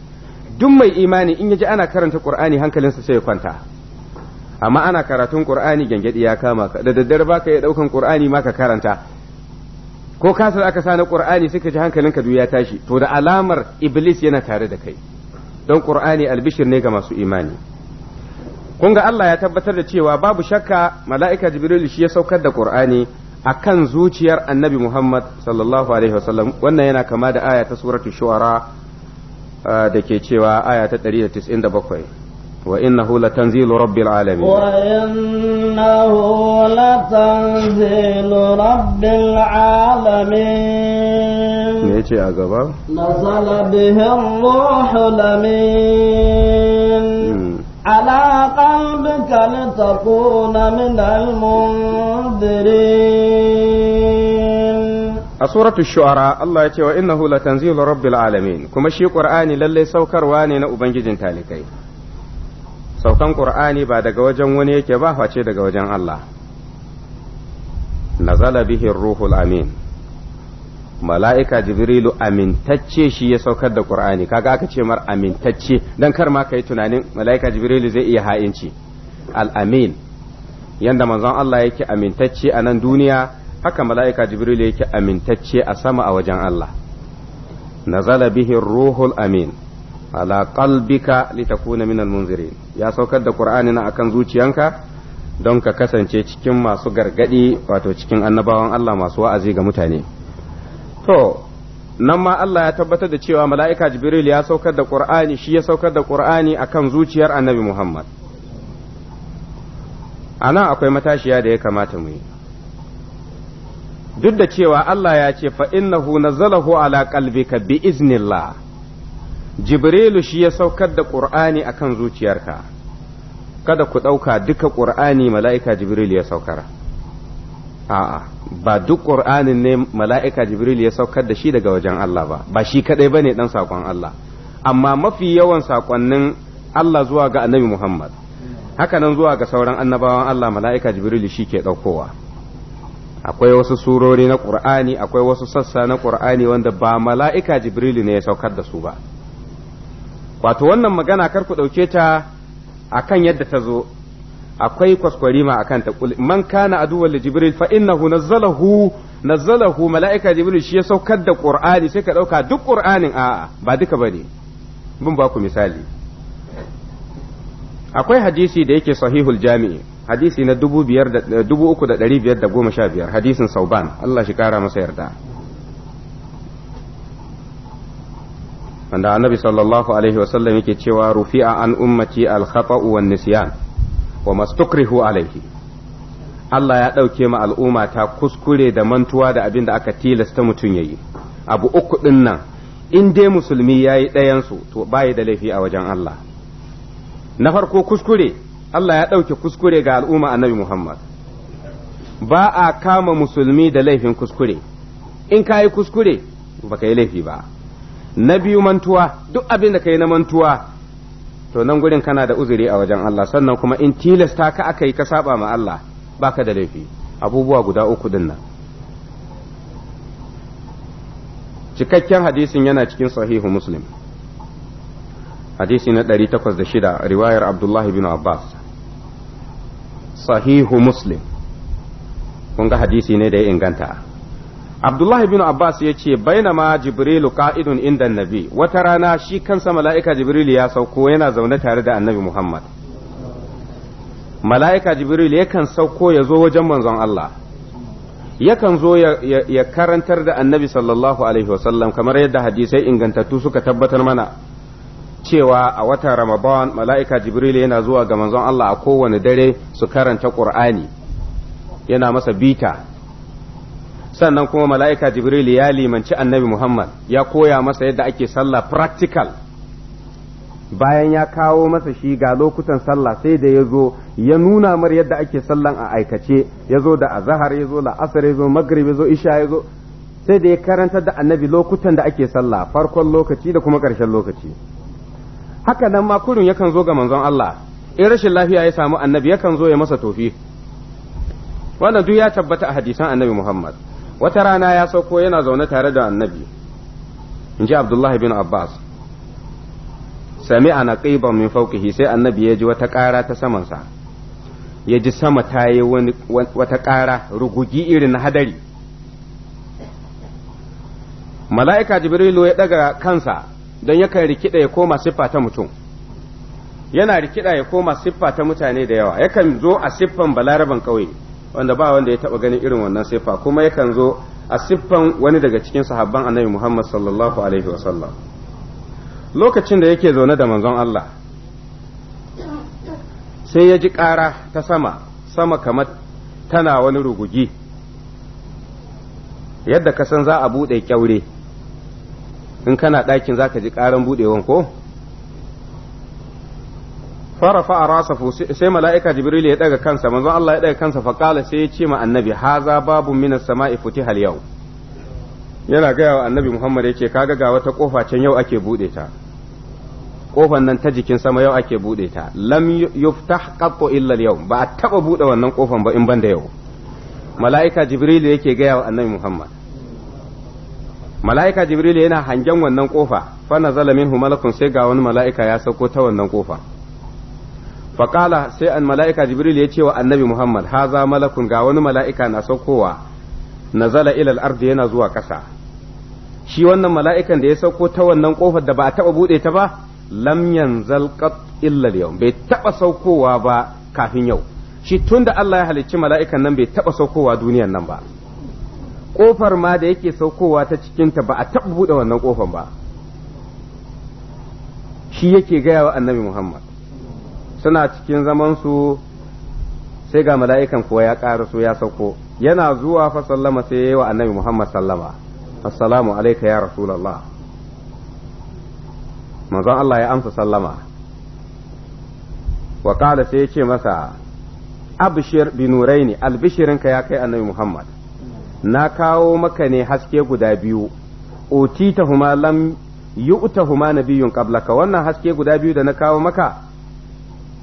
duk mai imani in yaji ana karanta qur'ani hankalinsa sai ya kwanta amma ana karatun qur'ani gangadi ya kama ka da daddare baka ya daukan qur'ani ma ka karanta ko kasar aka sa na qur'ani suka ji hankalinka duk ya tashi to da alamar iblis yana tare da kai don qur'ani albishir ne ga masu imani kun ga Allah ya tabbatar da cewa babu shakka mala'ika jibril shi ya saukar da qur'ani akan zuciyar annabi Muhammad sallallahu alaihi wasallam wannan yana kama da aya ta suratu shu'ara eh, da ke cewa aya ta 197 وإنه لتنزيل رب العالمين وإنه لتنزيل رب العالمين ليش يا نزل به الروح الأمين hmm. على قلبك لتكون من المنذرين a suratu shu'ara Allah ya ce wa innahu latanzilu rabbil alamin kuma shi ƙur'ani lallai saukarwa ne na ubangijin talikai saukan qur'ani ba daga wajen wani yake ba face daga wajen Allah nazala bihi ruhul amin mala'ika jibrilu amintacce shi ya saukar da qur'ani kaga aka ce mar amintacce dan kar ma ka yi tunanin mala'ika jibrilu zai iya ha'inci al-amin yanda manzon Allah yake amintacce a nan duniya haka mala'ika jibrilu yake amintacce a sama a wajen Allah nazala bihi ruhul amin ala qalbika litakuna minal munzirin ya saukar da ƙur'ani na akan zuciyanka don ka kasance cikin masu gargadi wato cikin annabawan Allah masu wa'azi ga mutane to nan ma Allah ya tabbatar da cewa mala'ika jibril ya saukar da ƙur'ani shi ya saukar da ƙur'ani akan zuciyar annabi Muhammad anan akwai matashiya da ya kamata mu yi duk da cewa Allah ya ce fa innahu nazzalahu ala ka bi iznillah jibrilu shi ya saukar da qur'ani akan zuciyarka kada ku ɗauka duka qur'ani mala'ika jibril ya saukar a'a ba duk qur'anin ne mala'ika jibril ya saukar da shi daga wajen Allah ba ba shi kadai ne dan sakon Allah amma mafi yawan sakonnin Allah zuwa ga annabi Muhammad hakanan zuwa ga sauran annabawan Allah mala'ika jibril shi ke ɗaukowa akwai wasu surori na ƙur'ani akwai wasu sassa na ƙur'ani wanda ba mala'ika jibrilu ne ya saukar da su ba wato wannan magana kar ku ɗauke ta akan yadda ta zo akwai kwaskwarima akan ta man kana aduwwal jibril fa innahu nazzalahu nazzalahu mala'ika jibril shi ya saukar da qur'ani sai ka ɗauka duk qur'anin a'a ba duka bane bin ba ku misali akwai hadisi da yake sahihul jami'i hadisi na 3515 hadisin sauban Allah shi kara masa yarda wanda annabi sallallahu alaihi wasallam yake cewa rufi'a an ummati al-khata'u wan nisyan wa mastukrihu alaihi Allah ya ɗauke ma al'umma ta kuskure da mantuwa da abin da aka tilasta mutum yayi abu uku din nan in dai musulmi yayi yi ɗayansu to bayi da laifi a wajen Allah na farko kuskure Allah ya ɗauke kuskure ga al'umma annabi Muhammad ba a kama musulmi da laifin kuskure in ka yi kuskure baka yi laifi ba na biyu mantuwa duk abin da yi na mantuwa to nan gurin kana da uzuri a wajen Allah sannan kuma in tilasta ka aka yi ka saba ma Allah baka da laifi abubuwa guda uku din nan cikakken hadisin yana cikin sahihu muslim hadisi na shida riwayar abdullahi bin abbas sahihu muslim kun ga hadisi ne da ya inganta Abdullahi bin Abbas ya ce ma Jibrilu ka'idun inda nabi wata rana shi kansa mala'ika Jibrilu ya sauko yana zaune tare da annabi Muhammad. Mala'ika Jibrilu yakan sauko ya zo wajen manzon Allah, yakan zo ya karantar da annabi sallallahu Alaihi wasallam kamar yadda hadisai ingantattu suka tabbatar mana cewa a watan Ramadan mala'ika Jibrilu yana zuwa ga manzon Allah a kowane dare su karanta Ƙur'ani yana masa bita. sannan kuma mala'ika jibril ya limanci annabi muhammad ya koya masa yadda ake sallah practical bayan ya kawo masa shi ga lokutan sallah sai da ya zo ya nuna mar yadda ake sallan a aikace ya zo da azahar ya zo la'asar ya zo magrib ya zo isha ya zo sai da ya karantar da annabi lokutan da ake sallah farkon lokaci da kuma karshen lokaci haka nan ma kurin yakan zo ga manzon Allah in rashin lafiya ya samu annabi yakan zo ya masa tofi wannan duk ya tabbata a hadisan annabi Muhammad wata rana ya sauko yana zaune tare da annabi in ji abdullahi bin abbas sami na ƙiban min fauƙihi sai annabi ya ji wata ƙara ta samansa ya ji sama ta yi wata ƙara rugugi irin na hadari mala'ika jibrilu ya ɗaga kansa don yakan rikida ya koma siffa ta mutum yana rikida ya koma siffa ta mutane da yawa yakan zo a siffan balaraban ƙauye wanda ba wanda ya taba ganin irin wannan sifa kuma yakan zo a siffan wani daga cikin sahabban annabi Muhammad sallallahu alaihi wasallam lokacin da yake zaune da manzon Allah sai ya ji ƙara ta sama sama kamar tana wani rugugi yadda ka san za a buɗe kyaure in kana ɗakin za ka ji ƙaran buɗewan ko farafa a rasafu sai mala'ika jibril ya daga kansa manzon Allah ya daga kansa faqala sai ya ce ma annabi haza babu minas sama'i hal yau yana gaya wa annabi Muhammad ya ce kaga ga wata kofa can yau ake buɗe ta kofan nan ta jikin sama yau ake buɗe ta lam yuftah qattu illa yau ba a taba buɗe wannan kofan ba in da yau mala'ika jibril yake gaya wa annabi Muhammad mala'ika jibril yana hangen wannan kofa fa nazala minhu malakun sai ga wani mala'ika ya sauko ta wannan kofa faƙala sai an mala'ika jibril ya ce wa annabi muhammad haza malakun ga wani mala'ika na saukowa na zala ilal ardi yana zuwa ƙasa shi wannan mala'ikan da ya sauko ta wannan ƙofar da ba a taɓa buɗe ta ba lam yanzal qat yau bai taɓa saukowa ba kafin yau shi tun da Allah ya halicci mala'ikan nan bai taɓa saukowa duniyan nan ba ƙofar ma da yake saukowa ta cikinta ba a taɓa buɗe wannan ƙofar ba shi yake gaya wa annabi Muhammad suna cikin zamansu sai ga mala'ikan kuwa ya ƙaraso ya sauko yana zuwa fa sallama sai yayi wa annabi Muhammad sallama assalamu alayka ya rasulullah manzon Allah ya amsa sallama wa sai ya ce masa abshir bi nuraini albishirinka ya kai annabi Muhammad na kawo maka ne haske guda biyu huma lam yu'tahuma nabiyyun qablaka wannan haske guda biyu da na kawo maka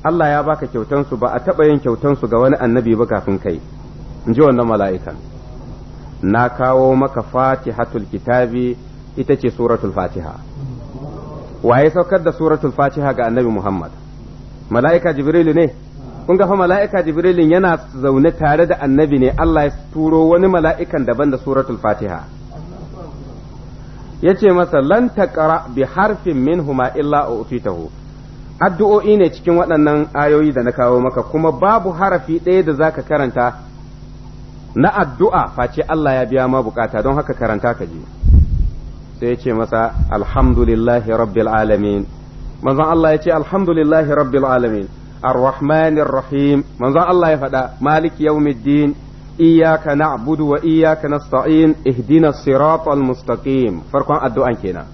Allah ya baka kyautansu ba a taɓa yin kyautansu ga wani annabi ba kafin kai in ji wannan mala'ikan na kawo maka fatihatul kitabi ita ce suratul fatiha waye saukar da suratul fatiha ga annabi muhammad mala'ika jibrilu ne kun ga fa mala'ika jibrilin yana zaune tare da annabi ne Allah ya turo wani mala'ikan daban da suratul fatiha yace masa lan taqra bi harfin minhuma illa utitahu addu'o'i ne cikin waɗannan ayoyi da na kawo maka kuma babu harafi ɗaya da zaka karanta na addu'a face Allah ya biya ma bukata don haka karanta ka je sai ya ce masa alhamdulillahi rabbil alamin manzon Allah ya ce alhamdulillahi rabbil alamin arrahmanir rahim manzon Allah ya faɗa maliki yawmiddin iyyaka na'budu wa iyyaka nasta'in ihdina siratal mustaqim farkon addu'an kenan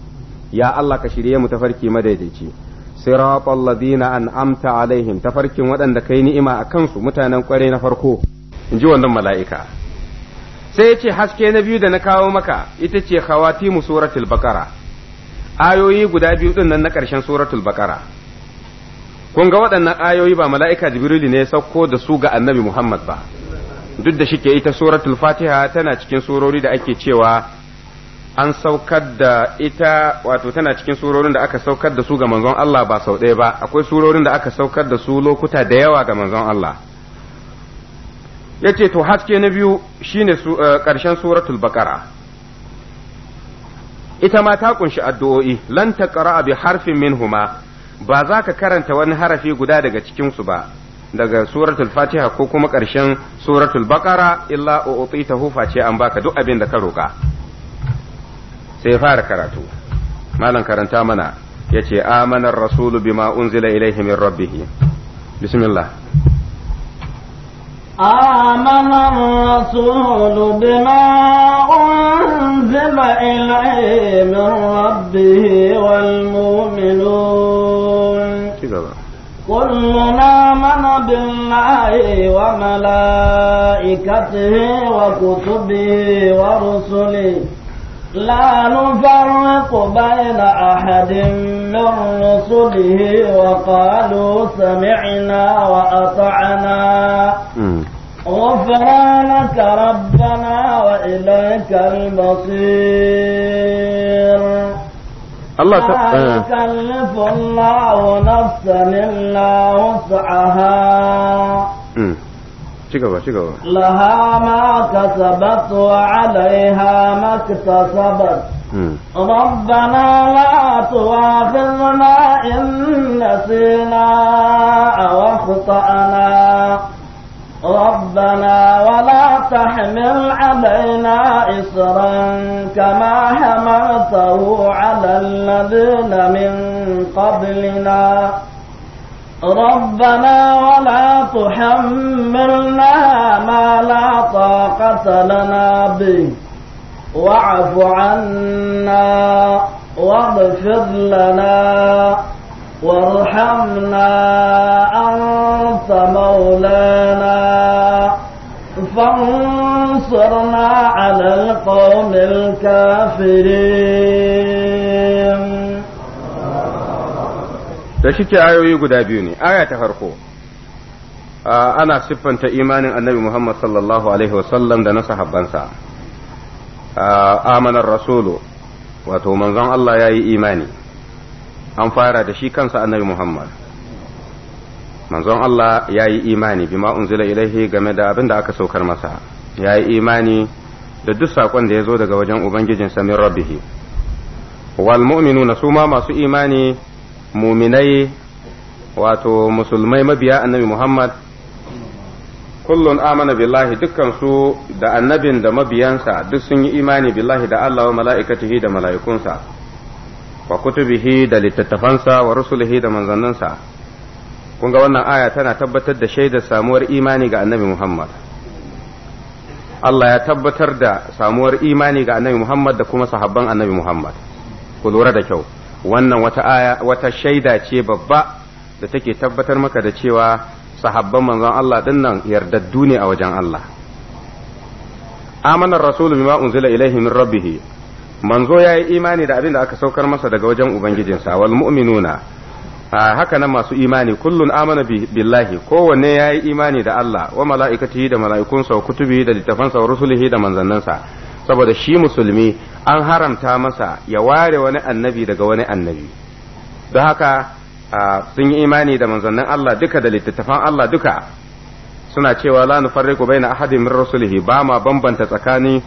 ya Allah ka shirye mu tafarki madaidaici صراط الذين أنعمت عليهم تفركين ودن كي نئما أكنسو متانا قرين فرقو انجو أنهم ملائكة سيتي حسكي نبيو دن كاو مكا إتتي خواتيم سورة البقرة آيوي قدا بيو دن نكرشن سورة البقرة kun ga waɗannan ayoyi ba mala'ika jibrilu ne ya sauko da su ga annabi Muhammad ba, duk da shike ita suratul fatiha tana cikin surori da ake cewa an saukar da ita wato tana cikin surorin da aka saukar da su ga manzon Allah ba sau ɗaya ba akwai surorin da aka saukar da su lokuta da yawa ga manzon Allah yace to haske na biyu shine eh, ƙarshen suratul baqara ita ma ta kunshi addu'o'i lan taqra bi harfin minhuma ba za ka karanta wani harafi guda daga cikin su ba daga suratul fatiha ko kuma ƙarshen suratul baqara illa u'titahu face an baka duk abin da ka roka sai fara karatu malam karanta mana yace amanar rasulu bima unzila ilaihi min rabbih bismillah آمن الرسول بما أنزل إليه من ربه والمؤمنون كلنا آمن بالله وملائكته وكتبه ورسله لا نفرق بين أحد من رسله وقالوا سمعنا وأطعنا غفرانك ربنا وإليك المصير الله لا آه. يكلف الله نفسا إلا وسعها cigaba cigaba لها ما كسبت وعليها ما اكتسبت ربنا لا تواخذنا إن نسينا أو أخطأنا ربنا ولا تحمل علينا إصرا كما حملته على الذين من قبلنا ربنا ولا تحملنا ما لا طاقة لنا به واعف عنا واغفر لنا وارحمنا أنت مولانا فانصرنا على القوم الكافرين da ce ayoyi guda biyu ne aya ta farko ana siffanta imanin annabi Muhammad sallallahu alaihi wasallam da na sahabbansa amanar rasulu wato manzon Allah ya yi imani an fara da shi kansa annabi Muhammad manzon Allah ya yi imani bima unzila ilaihi game da abin da aka saukar masa ya yi imani da duk saƙon da ya zo daga wajen ubangijinsa min rabbihi wal mu'minuna su ma masu imani muminai wato musulmai mabiya annabi Muhammad kullun amana billahi dukkan su da annabin da mabiyansa duk sun yi imani billahi da Allah wa mala'ikatihi da mala'ikunsa wa kutubihi da littattafansa wa rusulihi da manzanninsa kun ga wannan aya tana tabbatar da shaidar samuwar imani ga annabi Muhammad Allah ya tabbatar da samuwar imani ga annabi Muhammad da kuma sahabban annabi Muhammad ku lura da kyau wannan wata aya wata shaida ce babba da take tabbatar maka da cewa sahabban manzon Allah din nan yardaddu ne a wajen Allah amanar rasulu bima unzila ilaihi min rabbih manzo yayi imani da abin da aka saukar masa daga wajen ubangijinsa wal mu'minuna haka nan masu imani kullun amana billahi kowanne yayi imani da Allah wa mala'ikatihi da mala'ikunsa wa kutubihi da littafansa wa rusulihi da manzannansa saboda shi musulmi an haramta masa ya ware wani annabi daga wani annabi don haka sun yi imani da manzannin Allah duka da littattafan Allah duka suna cewa la nufarriqu baina ahadin min rusulihi ba ma bambanta tsakani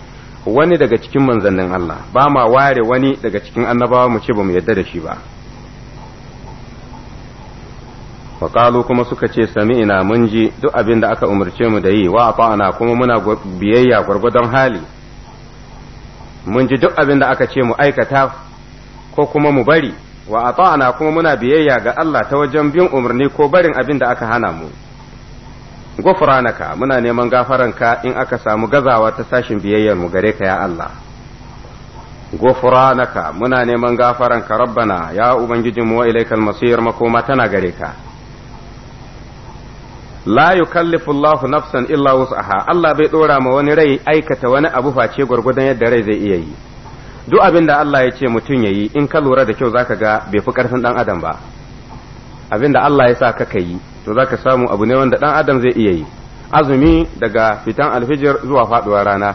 wani daga cikin manzannin Allah ba ma ware wani daga cikin annabawa mu ce ba mu yadda da shi ba faƙalu kuma suka ce sami'ina mun ji duk abin da aka umarce mu da yi wa fa'ana kuma muna biyayya gwargwadon hali mun ji duk abin da aka ce mu aikata ko kuma mu bari wa a ata'ana kuma muna biyayya ga Allah ta wajen bin umarni ko barin abin da aka hana mu ka muna neman gafaranka in aka samu gazawa ta sashin biyayyar mu gare ka ya Allah ka muna neman gafaranka rabbana ya ubangijinmu wa ilaikal masir makoma tana gare ka la yukallifu Allahu nafsan illa wus'aha Allah bai dora ma wani rai aikata wani abu face gwargwadon yadda rai zai iya yi duk abin da Allah ya ce mutum yayi in ka lura da kyau zaka ga bai fi karfin dan adam ba abin da Allah ya sa ka kai to zaka samu abu ne wanda dan adam zai iya yi azumi daga fitan alfijir zuwa faduwar rana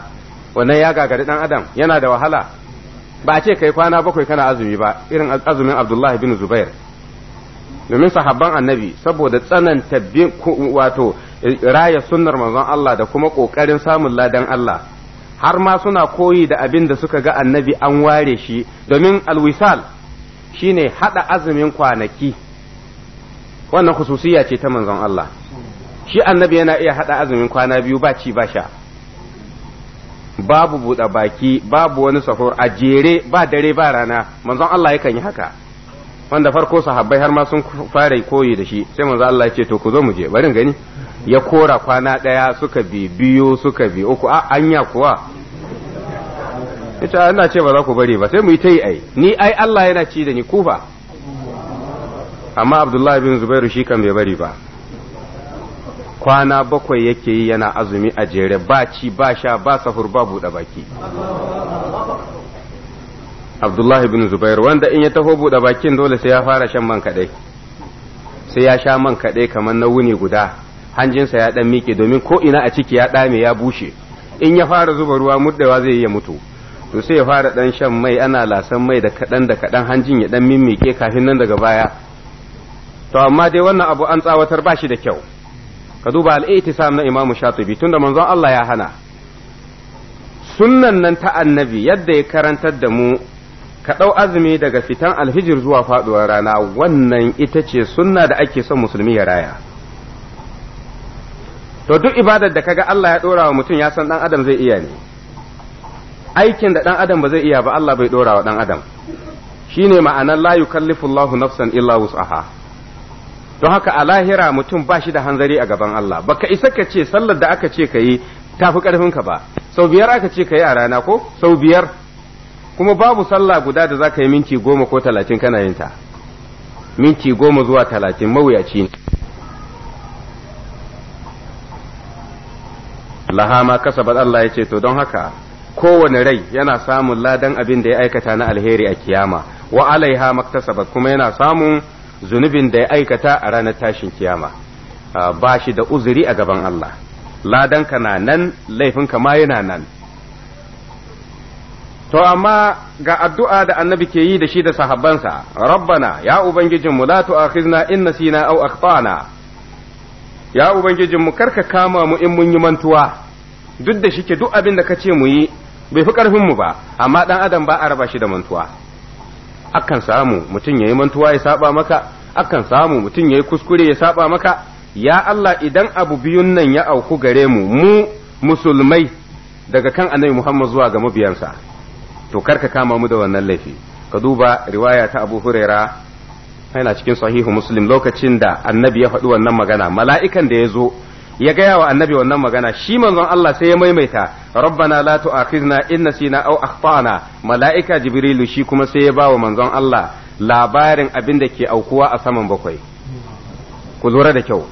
wannan ya gagari dan adam yana da wahala ba a ce kai kwana bakwai kana azumi ba irin azumin Abdullahi bin Zubair domin sahabban annabi saboda tsananta wato eh, raya sunnar manzon Allah da kuma ƙoƙarin samun ladan Allah har ma suna koyi da abin da suka ga annabi an ware shi domin alwisal shine hada azumin kwanaki wannan khususiya ce ta manzon Allah shi annabi yana iya hada azumin kwana biyu ba ci ba sha babu buɗe baki babu wani sahur a jere ba dare ba rana manzon Allah yakan yi haka wanda farko sahabbai har ma sun fara koyi da shi sai manzo Allah ya ce to ku zo mu je barin gani ya kora kwana daya suka bi biyu suka bi uku a anya kuwa ita ina ce ba za ku bari ba sai mu yi ta yi ai ni ai Allah yana ci da ni kufa amma Abdullahi bin Zubairu shi kan bai bari ba kwana bakwai yake yi yana azumi a jere ba ci ba sha ba safur ba buɗe baki abdullahi bin zubair wanda in ya taho buɗe bakin dole sai ya fara shan man kaɗai sai ya sha man kaɗai kamar na wuni guda hanjinsa ya ɗan miƙe domin ko ina a ciki ya ɗame ya bushe in ya fara zuba ruwa muddawa zai iya mutu to sai ya fara ɗan shan mai ana lasan mai da kaɗan da kaɗan hanjin ya ɗan mimmiƙe kafin nan daga baya to amma dai wannan abu an tsawatar ba shi da kyau ka duba al'itisam na imamu shatibi tunda manzon Allah ya hana sunnan nan ta annabi yadda ya karantar da mu ka ɗau azumi daga fitan alhijir zuwa faɗuwar rana wannan ita ce sunna da ake son musulmi ya raya to duk ibadar da ka ga Allah ya ɗora wa mutum ya san ɗan adam zai iya ne aikin da ɗan adam ba zai iya ba Allah bai ɗora wa ɗan adam shine ma'anar la yukallifu Allahu nafsan illa wus'aha don haka a lahira mutum ba shi da hanzari a gaban Allah baka isa ka ce sallar da aka ce ka yi tafi karfin ka ba sau biyar aka ce ka yi a rana ko sau biyar kuma babu sallah guda da zaka yi minti goma ko talatin kana yin ta minti goma zuwa talatin mawuyaci ne lahama kasaba Allah ya ce to don haka kowane rai yana samun ladan abin da ya aikata na alheri a kiyama wa alaiha maktasabat kuma yana samun zunubin da ya aikata a ranar tashin kiyama ah, ba shi da uzuri a gaban Allah ladanka na nan laifinka ma yana nan to amma ga addu'a da annabi ke yi da shi da sahabbansa rabbana ya ubangijinmu la tu'akhizna in nasina aw akhtana ya ubangijinmu karka kama mu in mun yi mantuwa duk da shike duk abin da kace mu yi bai fi karfin mu ba amma dan adam ba a raba shi da mantuwa akan samu mutum yayi mantuwa ya saba maka akan samu mutum yayi kuskure ya saba maka ya Allah idan abu biyun nan ya auku gare mu mu musulmai daga kan annabi Muhammad zuwa ga mabiyansa to karka kama mu da wannan laifi ka duba riwaya ta Abu Huraira yana cikin sahihu Muslim lokacin da annabi ya faɗi wannan magana mala'ikan da ya zo ya gaya wa annabi wannan magana shi manzon Allah sai ya maimaita rabbana la tu'akhizna in nasina aw akhtana mala'ika jibrilu shi kuma sai ya ba wa manzon Allah labarin abin da ke aukuwa a saman bakwai ku lura da kyau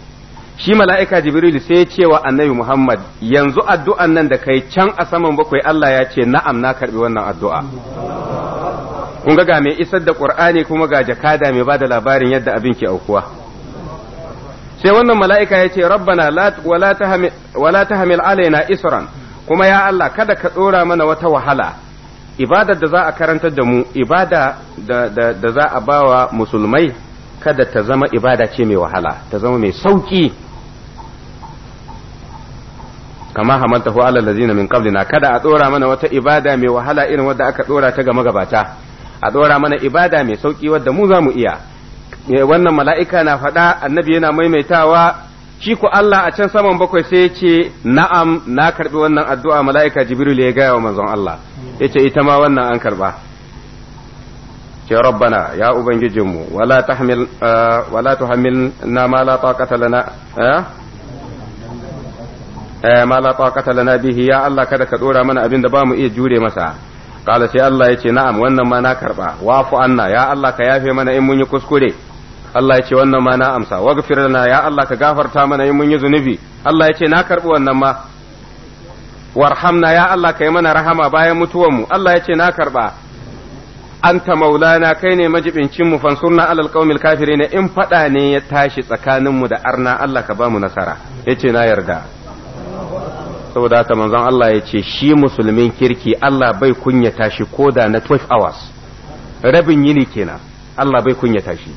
shi mala'ika jibril sai ya ce wa annabi muhammad yanzu addu'an nan da kai can a saman bakwai Allah ya ce na'am na karbi wannan addu'a kun ga mai isar da Ƙur'ani kuma ga jakada mai ba da labarin yadda abin ke aukuwa sai wannan mala'ika ya ce rabbana wala hamil alaina isran kuma ya Allah kada ka ɗora mana wata wahala ibadar da za a karantar da mu ibada da za a bawa musulmai kada ta zama ibada ce mai wahala ta zama mai sauki kama hamantahu ala lazina min qablina kada a dora mana wata ibada mai wahala irin wadda aka dora ta ga magabata a dora mana ibada mai sauki wadda mu za mu iya e, wannan mala'ika na faɗa annabi yana maimaitawa shi ku Allah a can saman bakwai sai ce na'am na karbi wannan addu'a mala'ika jibril ya gaya wa manzon Allah yace ita ma wannan an karba ce rabbana ya ubangijinmu wala tahmil eh, wala tuhammilna ma la taqata lana eh, eh ma la taqata lana bihi ya Allah kada ka dora mana abin da ba mu iya jure masa kala sai Allah ya ce na'am wannan ma na karba wafu anna ya Allah ka yafe mana in mun yi kuskure Allah ya ce wannan ma na amsa waghfir lana ya Allah ka gafarta mana in mun yi zunubi Allah ya ce na karbi wannan ma warhamna ya Allah ka yi mana rahama bayan mutuwanmu Allah ya ce na karba anta maulana kai ne majibincin mu fansurna alal qaumil kafirin in fada ne ya tashi tsakanin mu da arna Allah ka ba mu nasara yace na yarda saboda ta manzon Allah ya ce shi musulmin kirki Allah bai kunyata shi koda na 12 hours rabin yini kenan Allah bai kunyata shi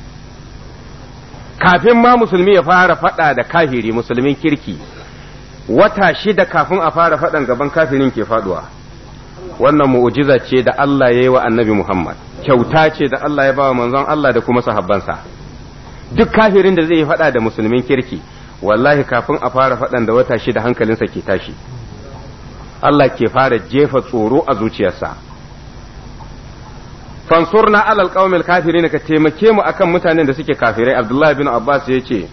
kafin ma musulmi ya fara fada da kafiri musulmin kirki wata shida kafin a fara fadan gaban kafirin ke faduwa wannan mu'ujiza ce da Allah ya yi wa annabi Muhammad kyauta ce da Allah ya ba wa manzon Allah da kuma sahabbansa duk kafirin da zai yi faɗa da musulmin kirki wallahi kafin a fara faɗan da wata shida hankalinsa ke tashi Allah ke fara jefa tsoro a zuciyarsa fansurna alal qaumil kafirin ka taimake mu akan mutanen da suke kafirai Abdullahi bin Abbas ya ce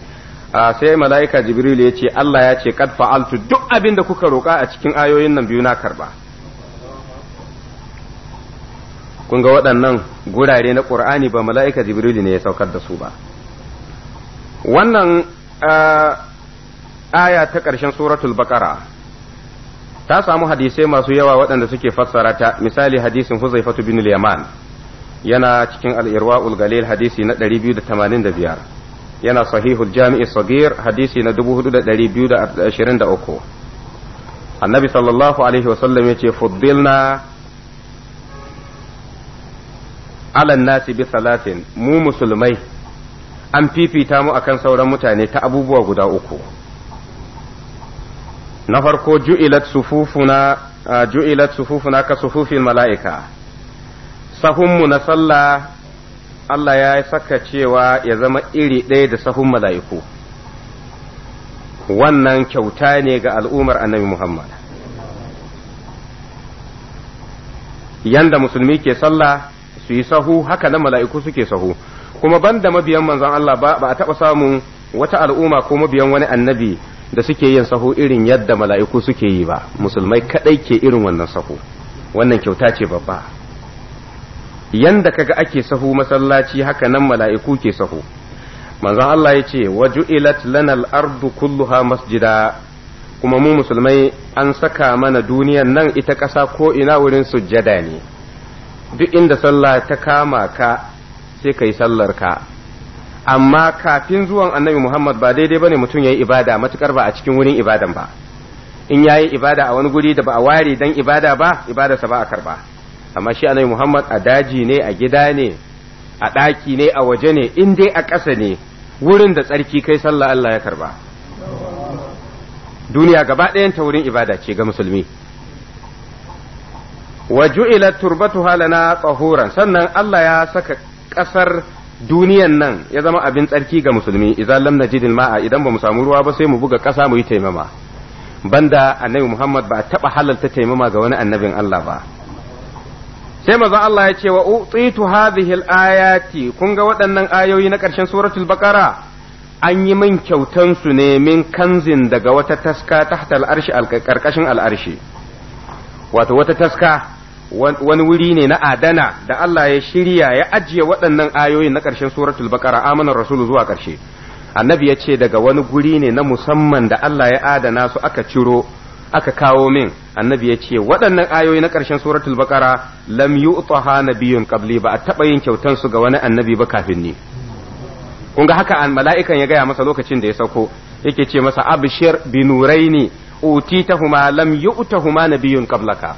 sai mala'ika Jibril ya ce Allah ya ce kad fa'altu duk abin da kuka roƙa a cikin ayoyin nan biyu na karba kun ga waɗannan gurare na ƙur'ani ba mala'ika jibrilu ne ya saukar da su ba wannan aya ta ƙarshen suratul baqara ta samu hadisai masu yawa waɗanda suke fassara ta misali hadisin huzaifatu bin yaman yana cikin al'irwa irwaul hadisi na 285 yana sahihul jami'i sagir hadisi na 4223 annabi sallallahu alaihi wasallam ce fuddilna alan nasi bi salatin mu musulmai an fifita mu akan sauran mutane ta abubuwa guda uku na farko ju'ilat sufufuna ju'ilat sufufuna ka sufufin mala'ika sahunmu na sallah Allah ya saka cewa ya zama iri ɗaya da sahun mala'iku wannan kyauta ne ga al'ummar annabi Muhammad yanda musulmi ke sallah su yi sahu haka nan mala'iku suke sahu kuma banda mabiyan manzon Allah ba a taba samun wata al'umma ko mabiyan wani annabi da suke yin sahu irin yadda mala'iku suke yi ba musulmai kadai ke irin wannan sahu wannan kyauta ce babba yanda kaga ake sahu masallaci haka nan mala'iku ke sahu manzon Allah ya ce lana al ardu kulluha masjida kuma mu musulmai an saka mana duniyan nan ita ƙasa ko ina wurin sujjada ne duk inda sallah ta kama ka sai ka yi sallar ka amma kafin zuwan annabi muhammad ba daidai bane mutum ya yi ibada matukar ba a cikin wurin ibadan ba in ya yi ibada a wani guri da ba a ware dan ibada ba ibadarsa ba a karba amma shi annabi muhammad a daji ne a gida ne a ɗaki ne a waje ne in dai a ƙasa ne wurin da tsarki kai sallah allah ya karba duniya gaba ɗayan ta wurin ibada ce ga musulmi wa ju'ila turbatuha lana tahuran sannan Allah ya saka kasar duniyan nan ya zama abin tsarki ga musulmi idan lam najidil ma'a idan ba mu samu ruwa ba sai mu buga kasa mu yi taimama banda annabi Muhammad ba a taba halalta taimama ga wani annabin Allah ba sai manzon Allah ya ce wa utitu hadhihi ayati kun ga waɗannan ayoyi na ƙarshen suratul baqara an yi min kyautan su ne min kanzin daga wata taska tahta al-arshi al-karkashin al-arshi wato wata taska wani wuri ne na adana da Allah ya shirya ya ajiye waɗannan ayoyin na ƙarshen suratul bakara amanar rasulu zuwa ƙarshe annabi ya ce daga wani guri ne na musamman da Allah ya adana su aka ciro aka kawo min annabi ya ce waɗannan ayoyi na ƙarshen suratul bakara lam yu'taha nabiyyun qabli ba a taɓa yin kyautan su ga wani annabi ba kafin ni kun ga haka mala'ikan ya gaya masa lokacin da ya sauko yake ce masa abshir binuraini utitahuma lam yu'tahuma nabiyyun qablaka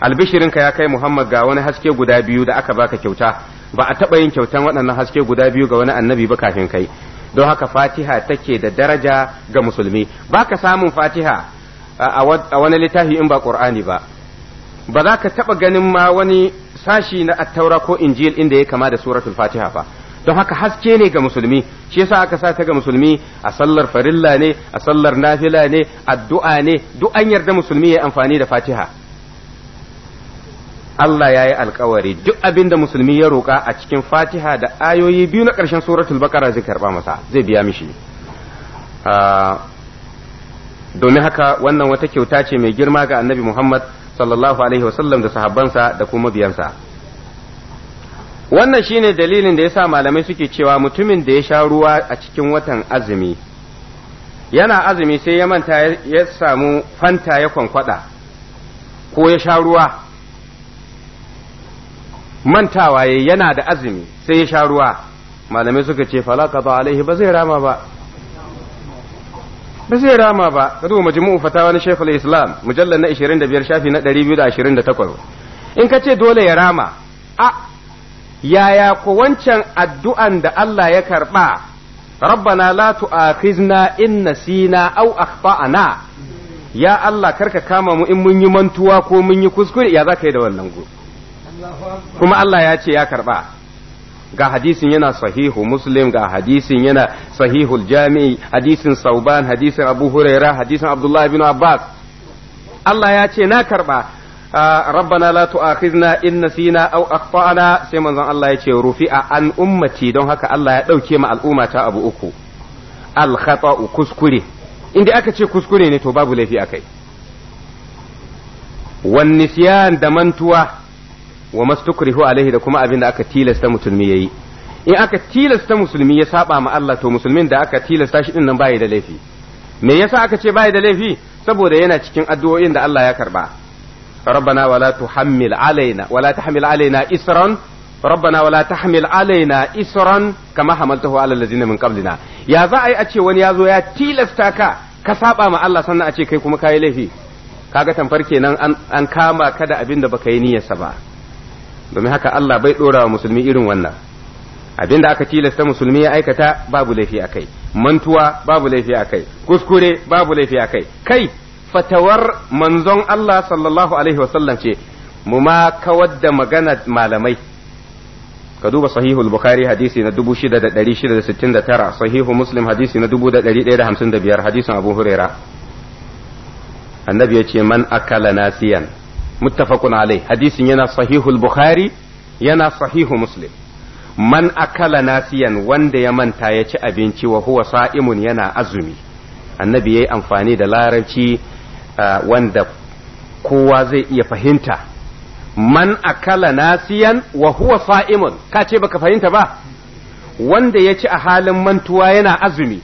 albishirinka ya kai Muhammad ga wani haske guda biyu da aka baka kyauta ba a taɓa yin kyautan waɗannan haske guda biyu ga wani annabi ba kafin kai don haka fatiha take da daraja ga musulmi baka samun fatiha a wani littafi in ba qur'ani ba ba za ka taɓa ganin ma wani sashi na attaura ko injil inda ya kama da suratul fatiha ba don haka haske ne ga musulmi shi yasa aka sata ga musulmi a sallar farilla ne a sallar nafila ne addu'a ne duk an yarda musulmi ya amfani da fatiha Allah ya yi alkawari duk abin da musulmi ya roƙa a cikin fatiha da ayoyi biyu na ƙarshen suratul bakara zai karɓa masa zai biya mishi ah, domin haka wannan wata kyauta ce mai girma ga annabi muhammad sallallahu alaihi wasallam da sahabbansa da kuma biyansa wannan shine dalilin da yasa malamai suke cewa mutumin da ya sha ruwa a cikin watan azumi yana azumi sai ya manta ya samu fanta ya kwankwada ko ya sha ruwa mantawa yayi yana da azumi sai ya sha ruwa malamai suka ce fala qada alaihi ba zai rama ba ba zai rama ba ka duba majmu'u fatawa na shaykhul Islam mujallal na 25 shafi na 228 in ka ce dole ya rama a yaya ko wancan addu'an da Allah ya karba rabbana la tu'akhizna in nasina aw akhtana ya Allah karka kama mu in mun yi mantuwa ko mun yi kuskure ya zaka yi da wannan gobe kuma Allah ya ce ya karba ga hadisin yana sahihu muslim ga hadisin yana sahihu jami'i hadisin sauban hadisin abu huraira hadisin abdullahi bin abbas Allah ya ce na karba ah, rabbana la tu'akhizna in nasina aw akhtana sai manzon Allah ya ce rufi'a an ummati don haka Allah ya dauke ma al'umma ta abu uku al khata'u kuskure inda aka ce kuskure ne to babu laifi akai wan nisyan da mantuwa wa mastukrihu alaihi da kuma abin da aka tilasta musulmi yayi in aka tilasta musulmi ya saba ma Allah to musulmin da aka tilasta shi din nan bai da laifi me yasa aka ce bai da laifi saboda yana cikin addu'o'in da Allah ya karba ربنا ولا تحمل علينا ولا تحمل alaina إسرا ربنا ولا تحمل علينا إسرا كما ya على الذين من قبلنا يا ذا أي أتشي وني يازو يا تيلستاكا كسابا ما الله ka أتشي كي كما كاي لفي kaga tamfar kenan an kama ka da abin da baka yi niyyarsa ba domin haka Allah bai dora wa musulmi irin wannan abinda aka tilasta musulmi ya aikata babu laifi a kai mantuwa babu laifi a kai kuskure babu laifi a kai kai fatawar manzon Allah sallallahu alaihi wasallam ce mu ma kawar da magana malamai ka duba sahihul bukhari hadisi na 6669 sahihu muslim hadisi na 1155 hadisin abu huraira annabi ya ce man akala nasiyan muttafaqun alai hadisin yana sahihul bukhari yana sahihu muslim man akala nasiyan wanda ya manta ya ci abinci wa huwa sa'imun yana azumi annabi yayi amfani da larabci wanda kowa zai iya fahimta man akala nasiyan wa huwa sa'imun ka ce baka fahimta ba wanda ya ci a halin mantuwa yana azumi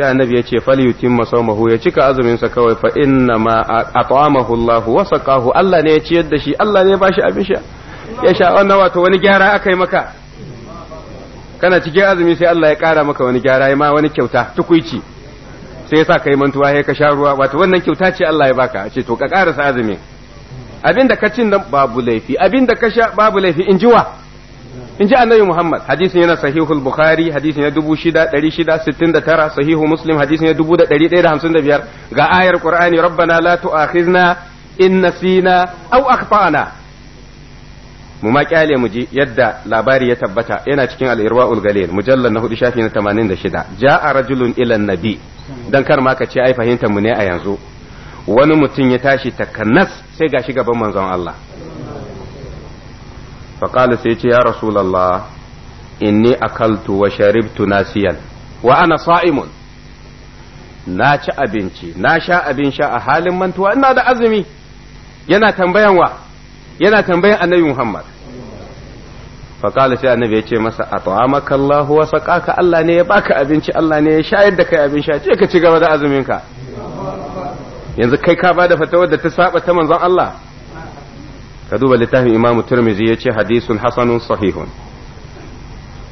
sai annabi ya ce falyutimma sawmahu ya cika azumin sa kawai fa inna ma at'amahu Allah wa saqahu Allah ne ya ciyar da shi Allah ne ya bashi abin sha ya sha wannan wato wani gyara aka yi maka kana cikin azumi sai Allah ya kara maka wani gyara ya ma wani kyauta tukuici sai ya sa kai mantuwa sai ka sha ruwa wato wannan kyauta ce Allah ya baka ce to ka karasa azumin abin da ka cin nan babu laifi abin da ka sha babu laifi in jiwa in ji annabi Muhammad hadisin yana sahihul bukhari hadisin ya 6669 sahihu muslim hadisin ya biyar ga ayar qur'ani rabbana la tu'akhizna in nasina aw akhtana mu ma kyale mu ji yadda labari ya tabbata yana cikin al-irwaul galil mujallal na hudu shafi na 86 ja'a rajulun ila nabi dan kar ma ka ce ai fahimtar mu ne a yanzu wani mutum ya tashi takannas sai gashi gaban manzon Allah faƙala sai ce ya rasulallah inni akaltu wa sharibtu nasiyan wa ana sa'imun na ci abinci na sha abin sha a halin mantuwa ina da azumi yana tambayan yana tambayan annabi Muhammad faƙala sai annabi ce masa a ta'amaka Allah wa saƙaka Allah ne ya baka abinci Allah ne ya shayar da kai abin sha ce ci gaba da azuminka yanzu kai ka bada fatawar da ta saba ta manzon Allah ka duba littafin imamu turmizi ya ce hadisun hasanun sahihun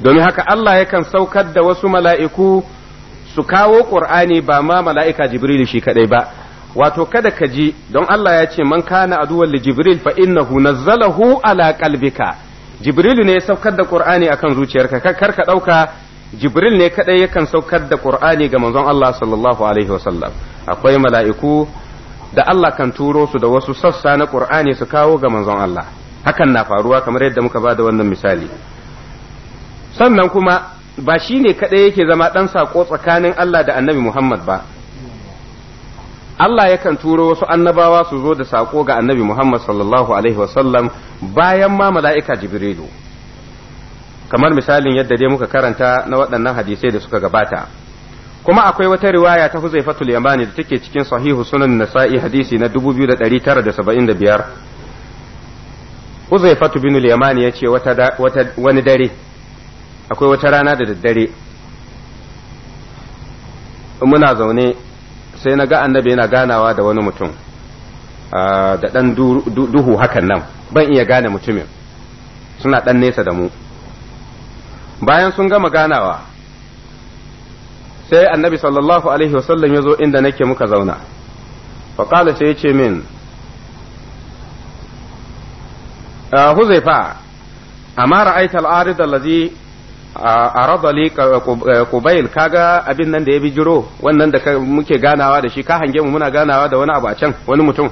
domin haka Allah yakan saukar da wasu mala'iku su kawo ƙur'ani ba ma mala'ika jibril shi kaɗai ba wato kada ka ji don Allah ya ce man kana aduwar li jibril fa innahu nazzalahu ala qalbika jibril ne ya saukar da ƙur'ani akan zuciyarka kar ka ɗauka jibril ne kaɗai yakan saukar da ƙur'ani ga manzon Allah sallallahu alaihi wasallam akwai mala'iku da Allah kan turo su da wasu sassa na Qur'ani su kawo ga manzon Allah hakan na faruwa kamar yadda muka ba wannan misali sannan kuma ba shi ne kaɗai yake zama ɗan sako tsakanin Allah da annabi Muhammad ba Allah yakan turo wasu annabawa su zo da sako ga annabi Muhammad sallallahu alaihi wasallam bayan ma mala'ika Jibrilu kamar misalin yadda dai muka karanta na waɗannan hadisai da suka gabata kuma akwai wata riwaya ta Huzaifatul Yamani da take cikin sahihu sunan Nasa'i hadisi na 2975 Huzaifatu bin Yamani ya ce wani dare akwai wata rana da daddare muna zaune sai na ga annabi yana ganawa da wani mutum da ɗan duhu hakan nan ban iya gane mutumin suna ɗan nesa da mu bayan sun gama ganawa sai annabi sallallahu alaihi wasallam ya zo inda nake muka zauna faƙala sai ya ce min ah, huzaifa amma ra'aita al'arid allazi arada li qubayl kaga abin nan da ya bijiro wannan da muke ganawa da shi ka hange mu muna ganawa da wani abu a can wani mutum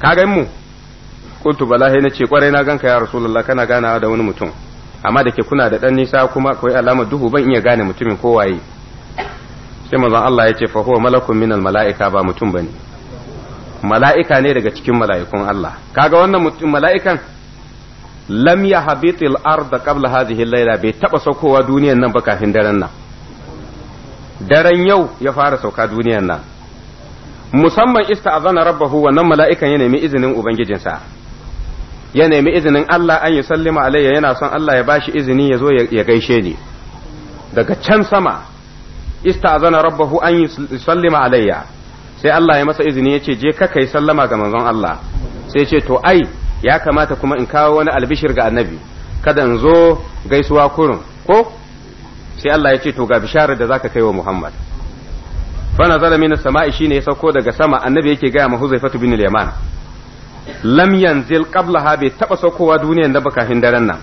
ka gan mu kuntu bala na ce kwarai na ganka ya rasulullah kana ganawa da wani mutum amma da ke kuna da ɗan nisa kuma akwai alamar duhu ban iya gane mutumin kowaye sai manzon Allah ya ce fa huwa malakun min mala'ika ba mutum bane mala'ika ne daga cikin mala'ikun Allah kaga wannan mutum mala'ikan lam al arda qabla hadhihi al-laila bai taba saukowa duniyar nan ba kafin daren nan daren yau ya fara sauka duniyar nan musamman ista'azana rabbahu wannan mala'ikan ya nemi izinin ubangijinsa ya nemi izinin Allah an yi sallima alayya yana son Allah ya bashi izini ya zo ya gaishe ni daga can sama istazana rabbahu an yi sallima alayya sai Allah ya masa izini ya ce je ka kai sallama ga manzon Allah sai ce to ai ya kamata kuma in kawo wani albishir ga annabi kada in zo gaisuwa kurun ko sai Allah ya ce to ga bisharar da zaka kai wa Muhammad fa nazala minas sama'i shine ya sauko daga sama annabi yake ga ma Huzaifatu bin al-Yaman lam yanzil qablaha bai taba saukowa duniyan da bakafin daren nan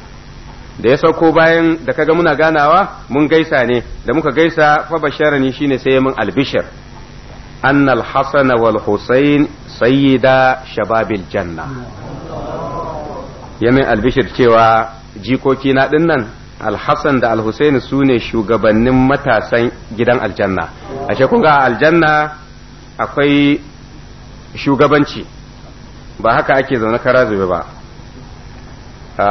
da ya sauko bayan da kaga muna ganawa mun gaisa ne da muka gaisa fa basharani shine sai min mun albishir annal hasana wal husain sayyida shababil janna ya min albishir cewa jikoki na dinnan alhassan da alhusain su ne shugabannin matasan gidan aljanna ashe kun ga aljanna akwai shugabanci ba haka ake zaune kara zube ba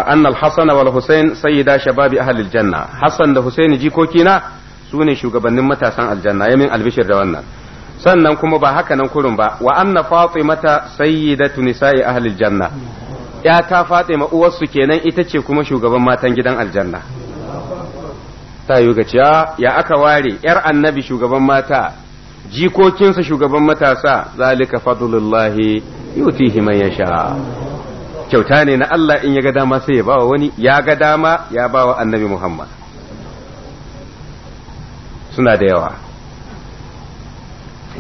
annal hasan wal husain sayyida shababi ahli janna Hassan da husaini jikokina na sune shugabannin matasan aljanna yamin albishir da wannan sannan kuma ba haka nan kurun ba wa anna fatimata sayyidatu nisa'i ahli janna ya ta fatima uwarsu kenan ita ce kuma shugaban matan gidan aljanna ta yi ya aka ware yar annabi shugaban mata jikokinsa shugaban matasa zalika fadlullahi yutihi man yasha kyauta ne na Allah in ya ga dama sai ya bawa wani ya ga dama ya bawa annabi Muhammad suna da yawa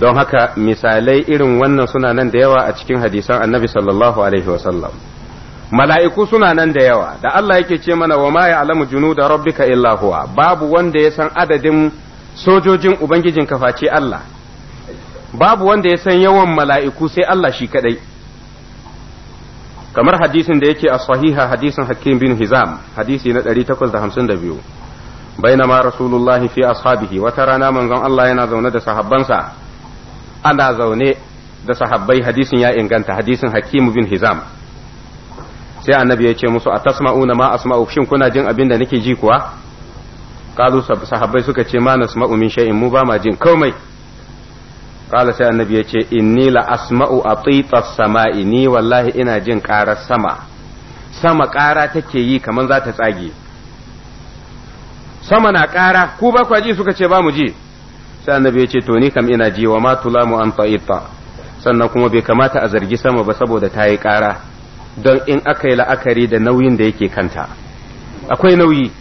don haka misalai irin wannan suna nan da yawa a cikin hadisan annabi sallallahu alaihi wasallam mala'iku suna nan da yawa da Allah yake ce mana wa ma ya'lamu junuda rabbika illa huwa babu wanda ya san adadin sojojin ubangijin kafaci Allah babu wanda ya san yawan mala'iku sai Allah shi kadai kamar hadisin da yake a sahiha hadisin hakim bin hizam hadisi na 852 ma rasulullahi fi ashabihi wata rana manzon Allah yana zaune da sahabbansa ana zaune da sahabbai hadisin ya inganta hadisin hakim bin hizam sai annabi ya ce musu a tasma'una ma asma'u shin kuna jin abin da nake ji kuwa kalu sahabbai suka ce ma nasma'u min shay'in mu ba ma jin komai qala sai annabi ya ce inni la asma'u atitas sama'i ni wallahi ina jin karar sama sama kara take yi kaman zata tsage sama na kara ku ba suka ce ba mu ji sai annabi ce to ni kam ina ji wa ma tulamu an ta'ita sannan kuma bai kamata a zargi sama ba saboda ta yi kara don in aka yi la'akari da nauyin da yake kanta akwai nauyi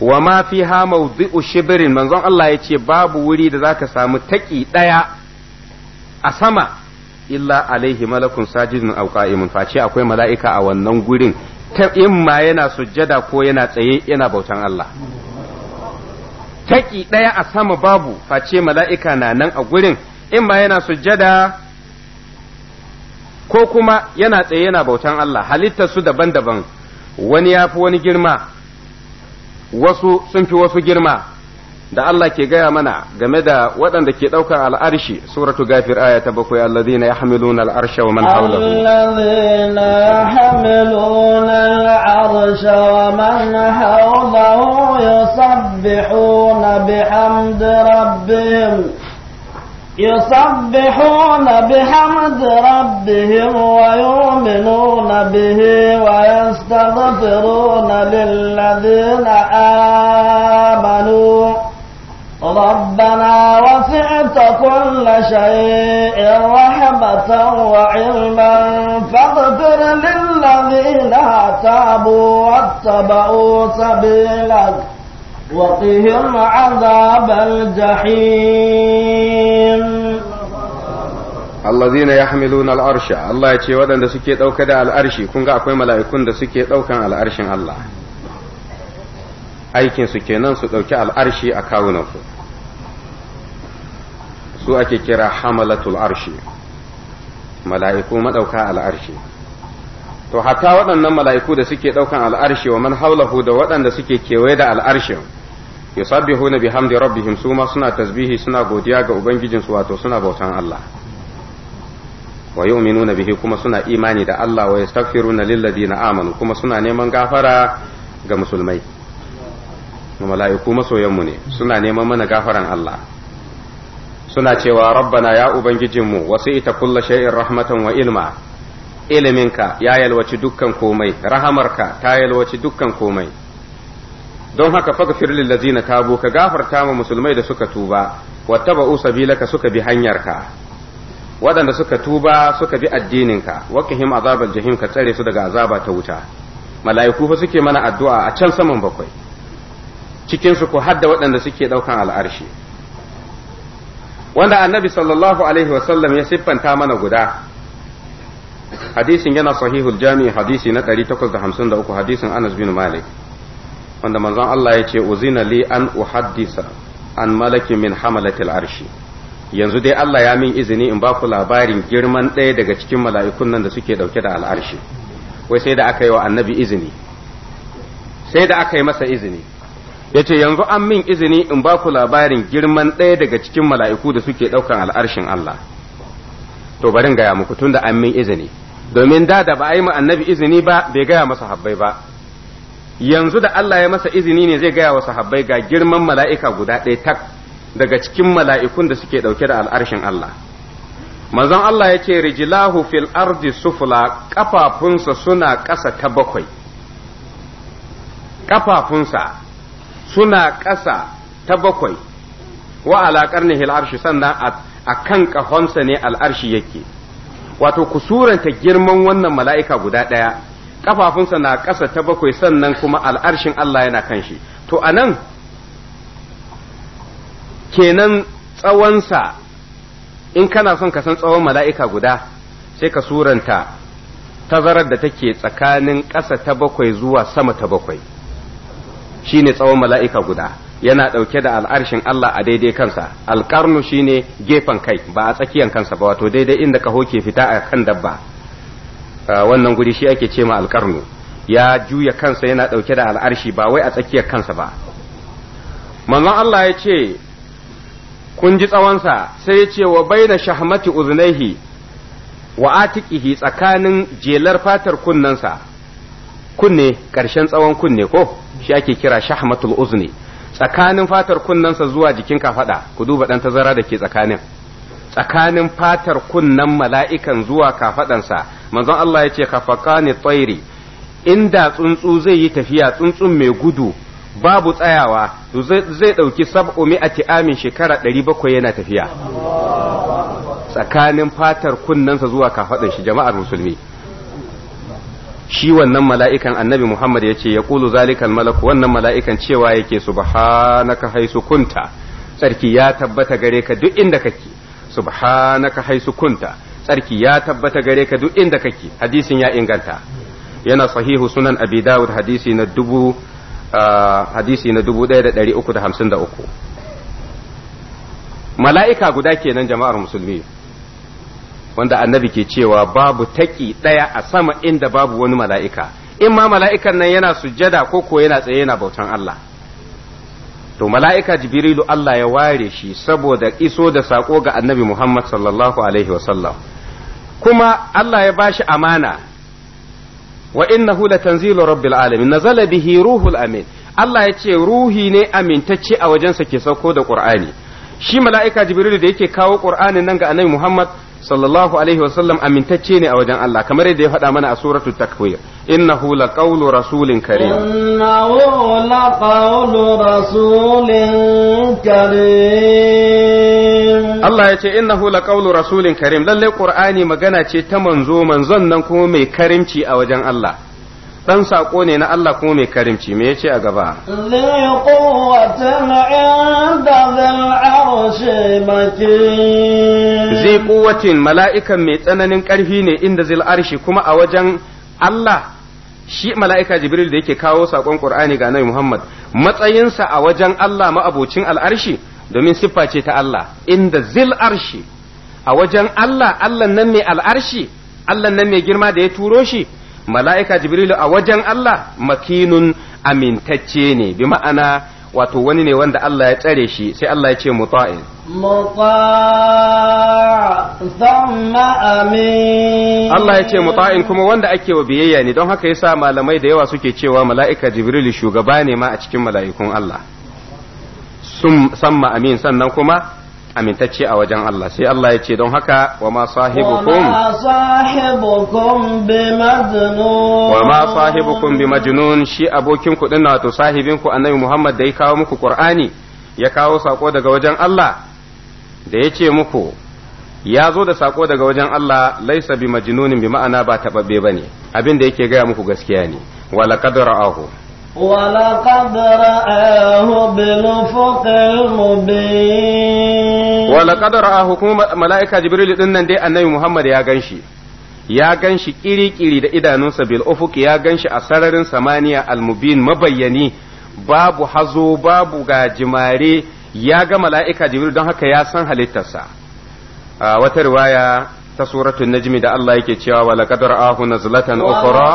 wa ma fi ha mawdi'u shibrin manzon Allah ya ce babu wuri da zaka samu taki daya a sama illa alaihi malakun sajidun aw qa'imun face akwai mala'ika a wannan gurin ta imma yana sujjada ko yana tsaye yana bautan Allah taki daya a sama babu face mala'ika na nan a gurin imma yana sujjada ko kuma yana tsaye yana bautan Allah halittar su daban-daban wani yafi wani girma wasu sun fi wasu girma da Allah ke gaya mana game da waɗanda ke ɗaukar al'arshi suratu gafir aya ta bakwai alladhina yahmiluna al'arsha wa man hawlahu alladhina al'arsha wa man hawlahu yusabbihuna bihamdi rabbihim يسبحون بحمد ربهم ويؤمنون به ويستغفرون للذين آمنوا ربنا وسعت كل شيء رحمة وعلما فاغفر للذين تابوا واتبعوا سبيلك وقهم عذاب الجحيم allazina yahmiluna al'arsha Allah ya ce waɗanda suke ɗauka da al'arshi kun ga akwai mala'ikun da suke ɗaukan al'arshin Allah aikin su kenan su ɗauki al'arshi a kawunanku su ake kira hamalatul arshi mala'iku maɗauka al'arshi to haka waɗannan mala'iku da suke ɗaukan al'arshi wa man haulahu da waɗanda suke kewaye da al'arshin yusabbihuna bihamdi rabbihim su ma suna tasbihi suna godiya ga ubangijinsu wato suna bautan Allah wa yu'minuna bihi kuma suna imani da Allah wa yastaghfiruna lil amanu kuma suna neman gafara ga musulmai mala'iku masoyanmu ne suna neman mana gafaran Allah suna cewa rabbana ya ubangijinmu ita kulla shay'in rahmatan wa ilma iliminka ya yalwaci dukkan komai rahamarka ta yalwaci dukkan komai don haka faghfir lil ta tabu ka gafarta ma musulmai da suka tuba wattaba'u sabilaka suka bi hanyarka waɗanda suka tuba suka bi addininka waqihim azabal jahim ka tsare su daga azaba ta wuta mala'iku fa suke mana addu'a a can saman bakwai cikin su ko hadda waɗanda suke ɗaukan al'arshi wanda annabi sallallahu alaihi sallam ya siffanta mana guda hadisin yana sahihul jami hadisi na 853 hadisin Anas bin Malik wanda manzon Allah ya ce uzina li an uhaddisa an malaki min hamalatil arshi yanzu dai Allah ya min izini in ba ku labarin girman ɗaya daga cikin mala'ikun nan da suke ɗauke da al'arshi wai sai da aka yi wa annabi izini sai da aka yi masa izini ya ce yanzu an min izini in ba ku labarin girman ɗaya daga cikin mala'iku da suke ɗaukan al'arshin Allah to barin gaya muku tun da an min izini domin da da ba a yi ma annabi izini ba bai gaya masa habbai ba yanzu da Allah ya masa izini ne zai gaya wa sahabbai ga girman mala'ika guda ɗaya tak daga cikin mala'ikun da suke ɗauke da al'arshin Allah. Manzon Allah ya ce, Rijilahu fil ardi sufula ƙafafunsa suna ƙasa ta bakwai, ƙafafunsa suna ƙasa ta bakwai, wa alaƙar ne arshi sannan a kan ƙahonsa ne al'arshi yake. Wato, ku suranta girman wannan mala'ika guda ɗaya, ƙafafunsa na ƙasa ta bakwai sannan kuma al'arshin Allah yana kan shi. To, a nan, kenan tsawonsa in kana son ka san tsawon mala'ika guda sai ka suranta tazarar da take tsakanin ƙasa ta bakwai zuwa sama ta bakwai shine tsawon mala'ika guda yana ɗauke da al'arshin Allah a daidai kansa alƙarnu shine gefen kai ba a tsakiyan kansa ba wato daidai inda kaho ke fita a kan dabba wannan guri shi ake ce ma alƙarnu ya juya kansa yana ɗauke da al'arshi ba wai a tsakiyar kansa ba manzon Allah ya ce kun ji tsawonsa sai ya ce wa baina shahmati uznaihi wa atiqihi tsakanin jelar fatar kunnensa kunne ƙarshen tsawon kunne ko shi ake kira shahmatul uzni tsakanin fatar kunnansa zuwa jikin kafada ku duba dan tazara da ke tsakanin tsakanin fatar kunnan mala'ikan zuwa kafadansa manzon Allah ya ce kafaqani tsairi inda tsuntsu zai yi tafiya tsuntsun mai gudu babu tsayawa zai ɗauki sab'u a ti'amin shekara ɗari bakwai yana tafiya tsakanin fatar kunnensa zuwa kafaɗin shi jama'ar musulmi shi wannan mala'ikan annabi Muhammad ya ce ya ƙulu zalikan malaku wannan mala'ikan cewa yake subhanaka haisu kunta tsarki ya tabbata gare ka duk inda kake subhanaka haisu kunta tsarki ya tabbata gare ka duk inda kake hadisin ya inganta yana sahihu sunan abi hadisi na dubu hadisi na 1353 mala'ika guda kenan jama'ar musulmi wanda annabi ke cewa babu taki ɗaya a sama inda babu wani mala'ika in ma mala'ikan nan yana sujjada ko ko yana tsaye yana bautan Allah to mala'ika jibrilu Allah ya ware shi saboda iso da saƙo ga annabi Muhammad sallallahu alaihi wasallam kuma Allah ya bashi amana wa innahu latanzilu rabbil alamin nazala bihi ruhul amin Allah ya ce ruhi ne amintacce a wajensa ke sauko da Qur'ani shi mala'ika Jibril da yake kawo qur'ani nan ga Annabi Muhammad sallallahu alaihi sallam amintacce ne a wajen Allah kamar yadda ya faɗa mana a suratul takwir innahu laqawlu rasulin karim innahu laqawlu rasulin karim Allah ya ce innahu laqawlu rasulin karim lalle qur'ani magana ce ta manzo manzon nan kuma mai karimci a wajen Allah dan sako ne na Allah kuma mai karimci me yace a gaba zai kuwatin mala'ikan mai tsananin karfi ne inda zil arshi kuma a wajen Allah shi mala'ika jibril da yake kawo sakon qur'ani ga annabi muhammad matsayinsa a wajen Allah ma'abocin al'arshi domin siffa ce ta Allah inda zil arshi a wajen Allah Allah nan mai al'arshi Allah nan mai girma da ya turo shi mala'ika jibrilu a wajen Allah makinun amintacce ne bi ma'ana wato wani ne wanda Allah ya tsare shi sai Allah ya ce muta'in Allah ya ce muta'in kuma wanda ake wa biyayya ne don haka yasa malamai da yawa suke cewa mala'ika jibrilu shugaba ne ma a cikin mala'ikun Allah sun samma amin sannan kuma amintacce a wajen Allah sai Allah ya ce don haka wa ma sahibukum wa ma sahibukum bi majnun shi abokin ku din wato sahibin ku annabi Muhammad da ya kawo muku Qur'ani ya kawo sako daga wajen Allah da ya ce muku ya zo da sako daga wajen Allah laisa bi majnunin bi ma'ana ba ba bane abin da yake gaya muku gaskiya ne wa laqad ra'ahu ولقد رآه بالأفق المبين ولقد رآه كما ملائكة جبريل دنن دي أنبي محمد يا غنشي يا غنشي كيري كيري da idanunsa bil ofuki ya ganshi a sararin samaniya almubin mabayyani babu hazo babu gajimare ya ga mala'ika jibril don haka ya san halittarsa a wata riwaya ta suratun najmi da Allah yake cewa wa laqad ra'ahu nazlatan ukhra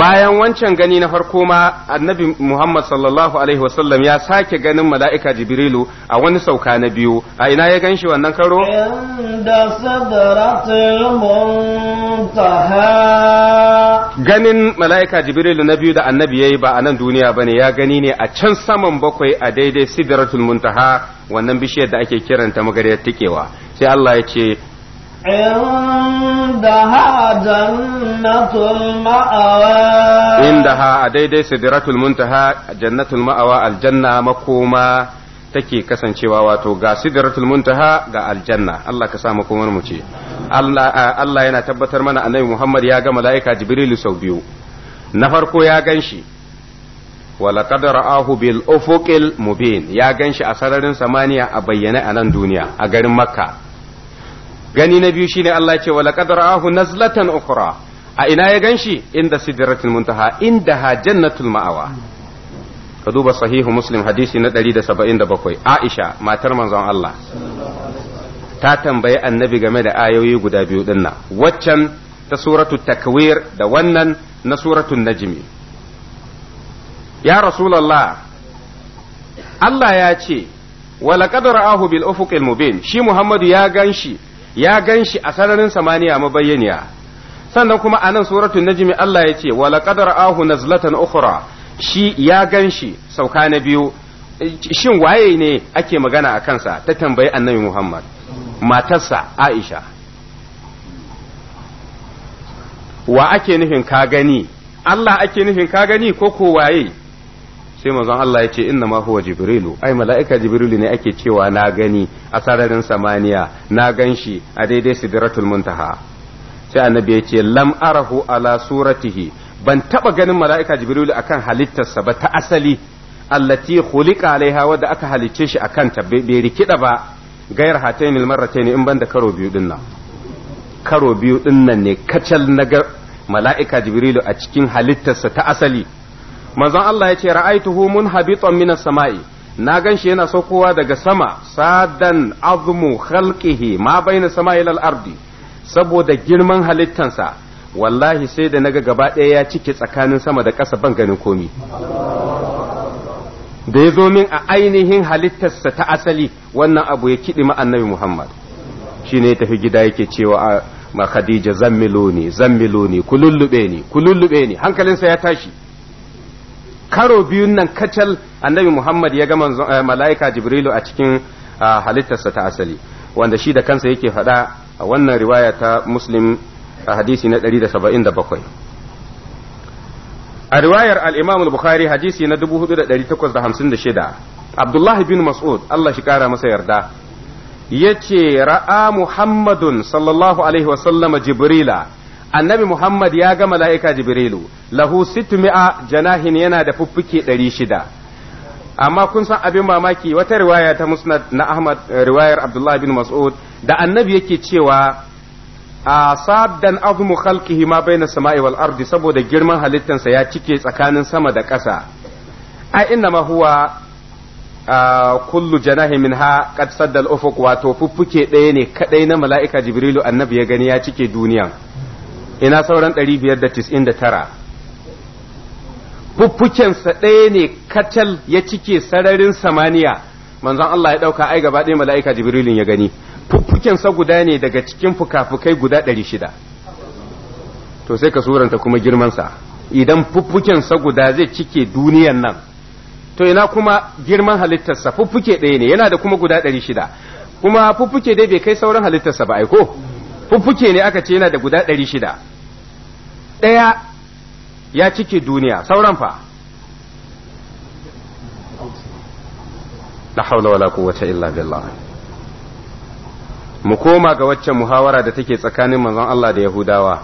bayan wancan gani na farko ma annabi Muhammad sallallahu alaihi wasallam ya sake ganin mala'ika Jibrilu a wani sauka na biyu a ina ya ganshi wannan karo ganin mala'ika Jibrilu na biyu da annabi yayi ba a nan duniya bane ya gani ne a can saman bakwai a daidai sidratul muntaha wannan bishiyar da ake kiranta magariyar tikewa sai Allah ya ce عندها جنة المأوى عندها أديدي سدرة المنتهى جنة المأوى الجنة مقومة take kasancewa wato ga sidratul muntaha ga aljanna Allah ka sa makomar mu ce Allah Allah yana tabbatar mana annabi Muhammad ya ga malaika Jibrilu sau biyu na farko ya ganshi walaqad ra'ahu bil ufuqil mubin ya ganshi a sararin samaniya a bayyane a nan duniya a garin Makka gani na biyu shine Allah ya ce wala qad ra'ahu nazlatan ukhra a ina ya ganshi inda sidratul muntaha inda ha jannatul ma'awa ka duba sahihu muslim hadisi na 177 Aisha matar manzon Allah ta tambayi annabi game da ayoyi guda biyu dinnan waccan ta suratu takwir da wannan na suratun najmi ya rasulallah Allah ya ce wala qad ra'ahu bil ufuqil mubin shi Muhammadu ya ganshi ya gan shi a sararin samaniya mabayyaniya sannan kuma a nan suratul najmi Allah ya ce wala qadar ahu nazlatan ukhra shi ya gan shi sauka na biyu shin waye ne ake magana a kansa ta tambayi annabi Muhammad matarsa Aisha wa ake nufin ka gani Allah ake nufin ka gani ko ko waye sai manzon Allah ya ce inna ma huwa jibrilu ai mala'ika jibrilu ne ake cewa na gani a sararin samaniya na ganshi a daidai sidratul muntaha sai annabi ya ce lam arahu ala suratihi ban taba ganin mala'ika jibrilu akan halittarsa ba ta asali allati khuliqa alaiha wadda aka halicce shi akan ta bai rikida ba gayar hatainil marrataini in banda karo biyu dinnan karo biyu dinnan ne kacal na mala'ika jibrilu a cikin halittarsa ta asali manzon Allah ya ce ra'aituhu munhabitan minas sama'i na gan shi yana saukowa daga sama sadan azmu khalqihi ma baina sama'i lal ardi saboda girman halittansa wallahi sai da naga gaba ɗaya ya cike tsakanin sama da ƙasa ban ganin komi da ya zo min a ainihin halittarsa ta asali wannan abu ya kiɗi ma annabi Muhammad shi ya tafi gida yake cewa ma Khadija zammiloni ne milo ne ku lullube ni ku lullube ni hankalinsa ya tashi karo biyun nan kacal annabi Muhammad ya ga eh, mala'ika Jibrilu a cikin ah, halittarsa ta asali wanda shi da kansa yake faɗa a wannan riwaya ta Muslim a hadisi na 177 a riwayar al-Imam al-Bukhari hadisi na 4856 Abdullahi bin Mas'ud Allah shi kara masa yarda ya ce ra'a Muhammadun sallallahu alaihi wa sallama Jibrila annabi Muhammad ya ga mala'ika Jibrilu, lahu sitmi'a janahin yana da fuffuke ɗari shida. Amma kun san abin mamaki wata riwaya ta musnad na Ahmad eh, riwayar Abdullah bin Mas'ud da annabi yake cewa a sabdan azumu khalqihi ma baina sama'i wal ardi saboda girman halittansa ya cike tsakanin sama da ƙasa. A inna ma huwa kullu janahi minha qad ufuq wato fuffuke ɗaya ne kadai na mala'ika Jibrilu annabi ya gani ya cike duniyan. ina sauran 599 fuffukensa ɗaya ne kacal ya cike sararin samaniya manzon Allah ya ɗauka ai gaba ɗaya mala'ika jibrilin ya gani fuffukensa guda ne daga cikin fukafukai guda 600 to sai ka suranta kuma girmansa idan fuffukensa guda zai cike duniyan nan to ina kuma girman halittarsa fuffuke ɗaya ne yana da kuma guda 600 kuma fuffuke dai bai kai sauran halittarsa ba aiko fuffuke ne aka ce yana da guda 600 ɗaya ya cike duniya sauran fa la haula wala quwwata illa billah mu koma ga waccan muhawara da take tsakanin manzon Allah da Yahudawa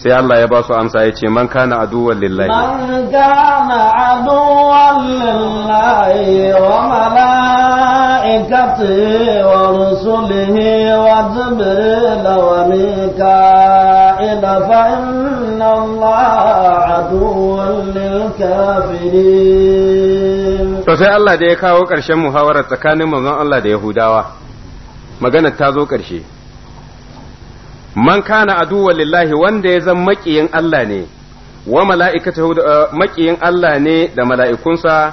sai Allah ya ba su amsa ya ce man kana aduwan lillahi man kana aduwan lillahi wa mala'ikati wa rusulihi wa jibril wa mika'il fa inna Allah aduwan lil kafirin to sai Allah da ya kawo ƙarshen muhawarar tsakanin manzon Allah da Yahudawa magana ta zo ƙarshe man kana aduwwa lillahi wanda ya zama makiyin Allah ne wa mala'ikatahu eh, makiyin Allah ne da mala'ikunsa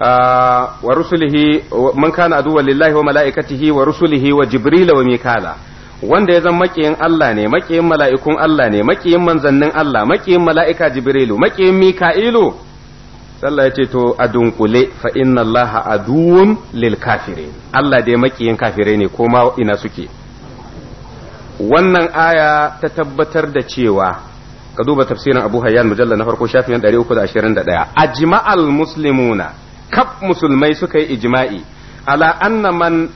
ah, wa rusulihi man kana aduwwa lillahi wa mala'ikatihi wa rusulihi wa jibrila wa mikala wanda ya zama makiyin Allah ne makiyin mala'ikun Allah ne makiyin manzannin Allah makiyin mala'ika Jibrilu makiyin Mika'ilu sallah ya ce to a dunkule fa inna Allaha aduwwun lil kafirin Allah dai makiyin kafirai ne ko ma ina suke wannan aya ta tabbatar da cewa ka duba tafsirin Abu Hayyan mujalla na farko shafin 321 ajma'al muslimuna kaf musulmai suka yi ijima'i. ala anna man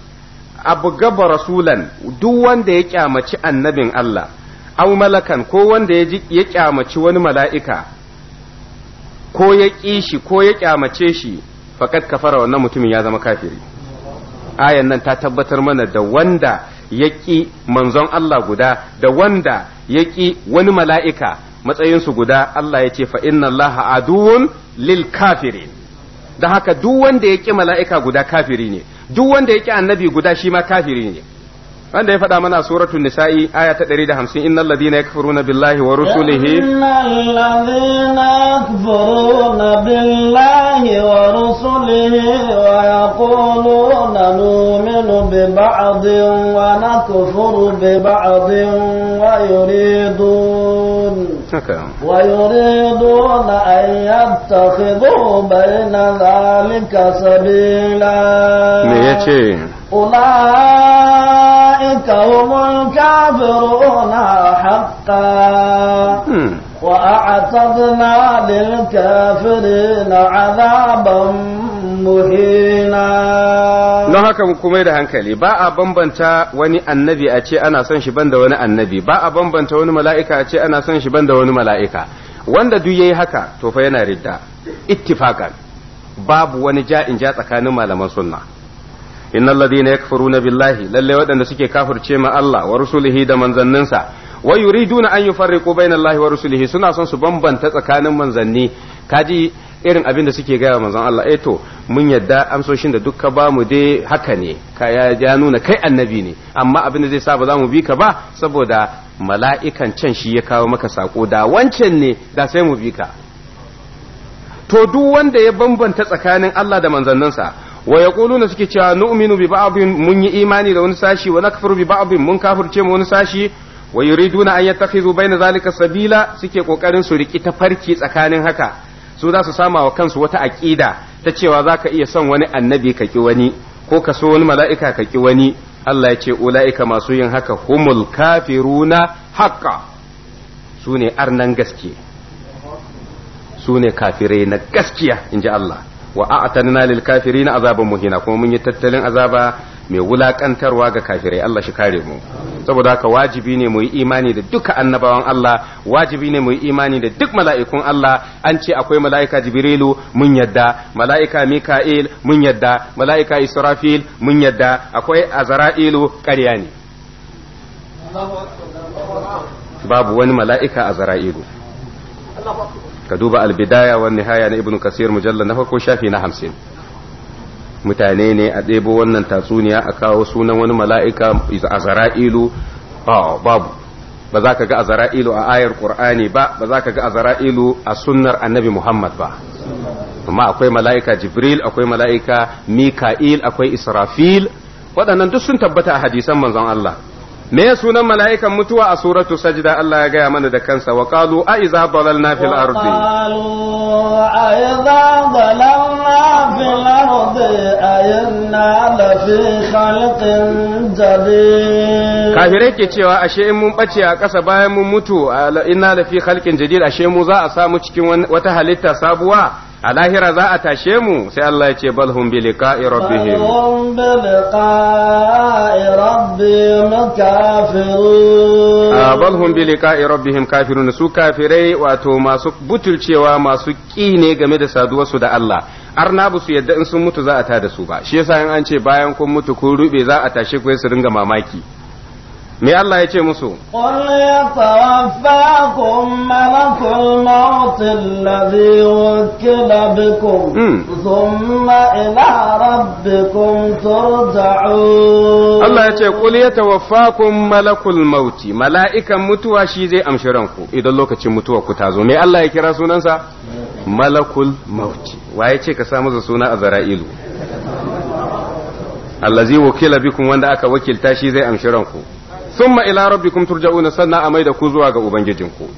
gaba rasulan duk wanda ya kyamaci annabin Allah aw malakan ko wanda ya kyamaci wani mala'ika ko ya ƙi shi ko ya kyamace shi fakat kafara wannan mutumin ya zama kafiri ayan nan ta tabbatar mana da wanda ya ƙi manzon Allah guda da wanda ya ƙi wani mala'ika matsayinsu guda Allah ya ce fa'inna Allah aduwun lil kafiri. da haka duk wanda ya ƙi mala'ika guda kafiri ne duk wanda ya ƙi annabi guda shi ma kafiri ne wanda ya faɗa mana suratul nisa'i aya ta 150 innal ladina yakfuruna billahi wa rusulihi innal ladina yakfuruna billahi wa rusulihi wa yaquluna ببعض ونكفر ببعض ويريدون ويريدون أن يتخذوا بين ذلك سبيلا أولئك هم الكافرون حقا وأعتدنا للكافرين عذابا don haka ku mai da hankali ba a bambanta wani annabi a ce ana son shi banda wani annabi ba a bambanta wani mala'ika a ce ana son shi banda wani mala'ika wanda duk yayi haka to fa yana ridda ittifaqan babu wani ja'in ja tsakanin malaman sunna innal ladina yakfuruna billahi lalle waɗanda suke kafirce ma Allah wa rusulihi da manzanninsa wa yuriduna an yufarriqu bainallahi wa rusulihi suna son su bambanta tsakanin manzanni kaji irin abin da suke gaya manzon Allah eh to mun yadda amsoshin da dukka ba mu dai haka ne ka ya nuna kai annabi ne amma abin da zai sa ba za mu bi ka ba saboda mala'ikan can shi ya kawo maka sako da wancan ne da sai mu bi ka to duk wanda ya bambanta tsakanin Allah da manzannansa wa yaquluna suke cewa nu'minu bi ba'dhin mun yi imani da wani sashi wa nakfuru bi ba'dhin mun kafirce mu wani sashi wa yuriduna an yattakhidhu bayna zalika sabila suke kokarin su riki tafarki tsakanin haka su za su sama wa kansu wata aƙida ta cewa za ka iya son wani annabi ka ƙi wani ko ka so wani mala'ika ka ƙi wani Allah ya ce ula'ika masu yin haka humul kafiruna haqqa su ne arnan gaske su ne kafirai na gaskiya in ji Allah wa a'tanna lil kafirina azaban muhina kuma mun yi tattalin azaba mai wulaƙantarwa ga kafirai Allah shi kare mu saboda haka wajibi ne mu yi imani da duka annabawan Allah wajibi ne mu yi imani da duk mala'ikun Allah an ce akwai mala'ika Jibrilu mun yadda mala'ika Mika'il mun yadda mala'ika Israfil mun yadda akwai Azra'ilu ƙarya ne babu wani mala'ika Azra'ilu ka duba albidaya wa nihaya na ibnu kasir mujallal na farko shafi na hamsin mutane ne a ɗebo wannan tatsuniya a kawo sunan wani mala'ika a zara'ilu babu ba za ka ga a zara'ilu a ayar ƙur'ani ba ba za ka ga a zara'ilu a sunnar annabi muhammad ba amma akwai mala'ika jibril akwai mala'ika mika'il akwai israfil waɗannan duk sun tabbata a hadisan manzon allah me sunan mala'ikan mutuwa a suratu sajda Allah ya gaya mana da kansa wa qalu a iza dalalna fil ardi qalu a iza dalalna fil ardi la fi khalqin jadid kafirai ke cewa ashe in mun bace a ƙasa bayan mun mutu inna la fi khalqin jadid ashe mu za a samu cikin wata halitta sabuwa a lahira za a tashe mu sai Allah ya ce bal bi liqa'i rabbihim balhum bi liqa'i rabbihim kafirun bal bi liqa'i rabbihim kafirun su kafirai wato masu butulcewa masu ƙi ne game da saduwar su da Allah arna ba su yadda in sun mutu za a tada su ba shi yasa in an ce bayan kun mutu kun rube za a tashe ku su ringa mamaki me Allah ya ce musu qul yatawaffakum malakul maut alladhi wukila bikum hmm. thumma ila rabbikum turja'un Allah ya ce qul yatawaffakum malakul maut mala'ikan mutuwa shi zai amshi ranku idan lokacin mutuwa ku tazo me Allah ya kira sunansa malakul maut waye ce ka samu da suna azra'ilu allazi wukila bikum wanda aka wakilta shi zai amshi ranku summa ila rabbikum turja'una sannan a maida ku zuwa ga ubangijinku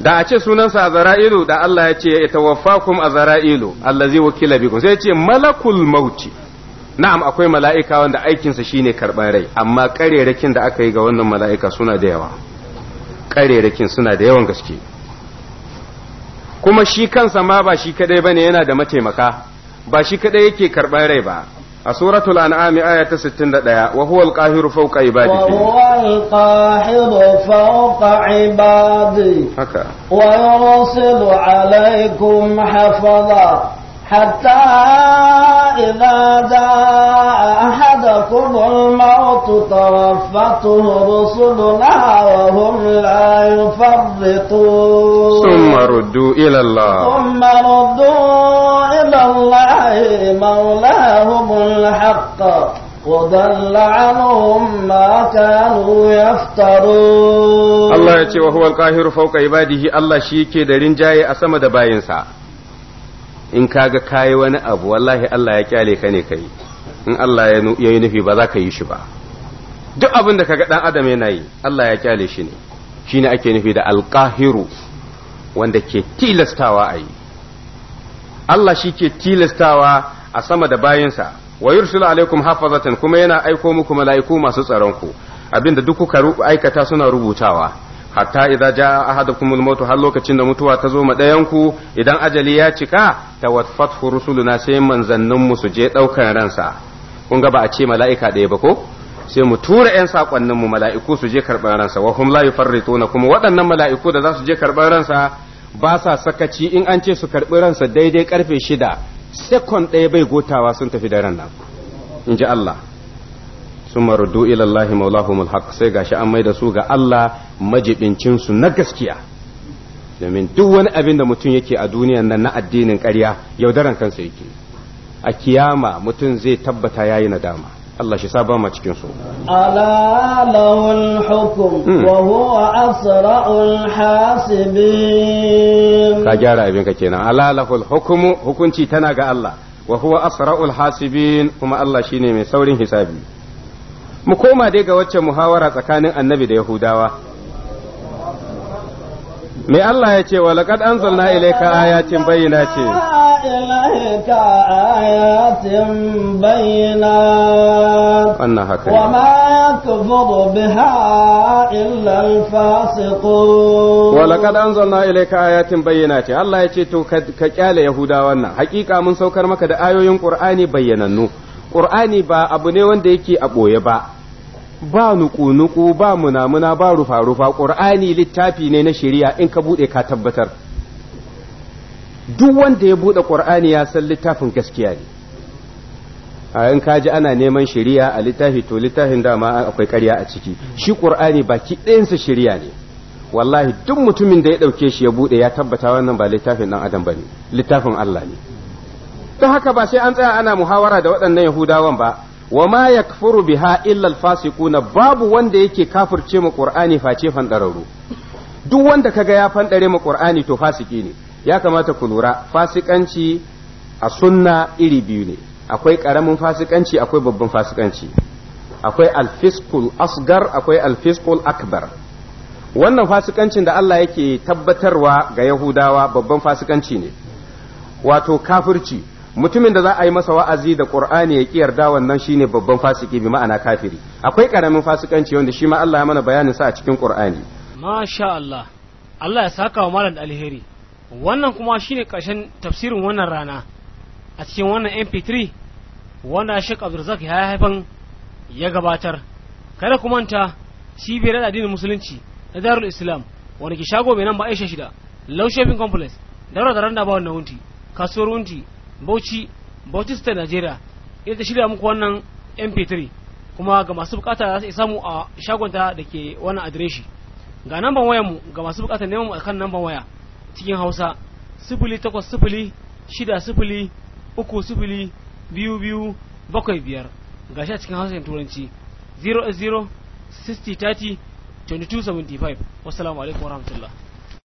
da a ce sunansa azara'ilu da Allah ya ce ya tawaffakum azara'ilu zai wakila bikum sai ya ce malakul mauti na'am akwai mala'ika wanda aikinsa shine karɓar rai amma ƙarerakin da aka yi ga wannan mala'ika suna da yawa ƙarerakin suna da yawan gaske kuma shi kansa ma ba shi kadai bane yana da mataimaka ba shi kadai yake karɓar rai ba سورة الأنعام آية 61 وهو القاهر فوق عباده وهو القاهر فوق عباده ويرسل عليكم حفظا حتى إذا جاء أحدكم الموت توفته رسلنا وهم لا يفرطون ثم ردوا إلى الله ثم ردوا إلى الله مولاهم الحق وضل عنهم ما كانوا يفترون الله يتي وهو القاهر فوق عباده الله شيكي درين جاي أسمد باينسا in kaga kayi wani abu wallahi Allah ya kyale ka ne kai in Allah ya yi nufi ba za ka yi shi ba duk abin da kaga dan adam yana yi Allah ya kyale shi ne shine ake nufi da alqahiru wanda ke tilastawa a yi Allah shi ke tilastawa a sama da bayansa wa yursilu alaikum hafazatan kuma yana aiko muku mala'iku masu tsaron ku abinda duk kuka aikata suna rubutawa hatta idza jaa ahadakumul maut har lokacin da mutuwa ta zo ma ɗayan ku idan ajali ya cika tawaffat rusuluna sai manzannin mu su je daukan ransa kun ga ba a ce mala'ika ɗaya ba ko sai mu tura ƴan sakonnin mu mala'iku su je karban ransa wa hum la yufarrituna kuma waɗannan mala'iku da za su je karban ransa ba sa sakaci in an ce su karbi ransa daidai karfe shida sekon ɗaya bai gotawa sun tafi da ran nan in ji Allah sun marudu ilallahi maulahumul haq sai shi an mai da su ga Allah majibincin su na gaskiya domin duk wani abin da mutum yake a duniyan nan na addinin ƙarya yaudaran kansa yake a kiyama mutum zai tabbata yayi nadama Allah shi saba ma cikin su ala lahul hukum hmm. wa huwa asra'ul hasibin ka gyara abin ka kenan ala lahul hukumu hukunci tana ga Allah wa huwa asra'ul hasibin kuma Allah shine mai saurin hisabi mu koma dai ga wacce muhawara tsakanin annabi da yahudawa me Allah ya ce wa laqad anzalna ilayka ayatin bayyinatin ilayka ayatin bayyinatin wannan haka wa ma yakfuru biha illa al-fasiqun wa laqad anzalna ilayka ayatin bayyinatin Allah ya ce to ka kyale yahudawan nan hakika mun saukar maka da ayoyin qur'ani bayyanannu ƙur'ani ba abu ne wanda yake a ɓoye ba ba nuku-nuku ba munamuna ba rufa-rufa ƙur'ani littafi ne na shari'a in ka buɗe ka tabbatar duk wanda ya buɗe ƙur'ani ya san littafin gaskiya ne in ka ji ana neman shari'a a littafi to littafin dama akwai ƙarya a ciki shi ƙur'ani baki ɗayansa shari'a ne wallahi duk mutumin da ya ɗauke shi ya buɗe ya tabbata wannan ba littafin ɗan adam ba ne littafin Allah ne don haka ba sai an tsaya ana muhawara da waɗannan yahudawan ba wa ma yakfuru biha illa alfasiquna babu wanda yake kafurce ma qur'ani face fandararru duk wanda kaga ya fanɗare ma qur'ani to fasiki ne ya kamata ku lura fasikanci a sunna iri biyu ne akwai ƙaramin fasikanci akwai babban fasikanci akwai alfiskul asgar akwai alfiskul akbar wannan fasikancin da Allah yake tabbatarwa ga Yahudawa babban fasikanci ne wato kafirci mutumin da za a yi masa wa'azi da qur'ani ya kiyarda wannan shine babban fasiki bi ma'ana kafiri akwai karamin fasikanci wanda shi ma Allah ya mana bayanin sa a cikin qur'ani masha Allah Allah ya saka wa malam alheri wannan kuma shine karshen tafsirin wannan rana a cikin wannan mp3 wanda Sheikh Abdulrazak ya haifan ya gabatar kada ku manta cibiyar addinin musulunci na Darul Islam wanda ki shago mai nan ba Aisha shida laushefin Shopping Complex daura da randa ba wannan wunti kasuwar wunti bauchi bautista najeriya nigeria ita ta shirya muku wannan mp3 kuma ga masu bukata za su isa mu a shagonta da ke wannan adireshi ga namban waya mu ga masu bukata neman mu kan namban waya cikin hausa sifili takwas sifili shida sifili uku sifili biyu biyu biyar ga shi a cikin hausa turanci 0 0 60 wasu alaikum warahmatullahi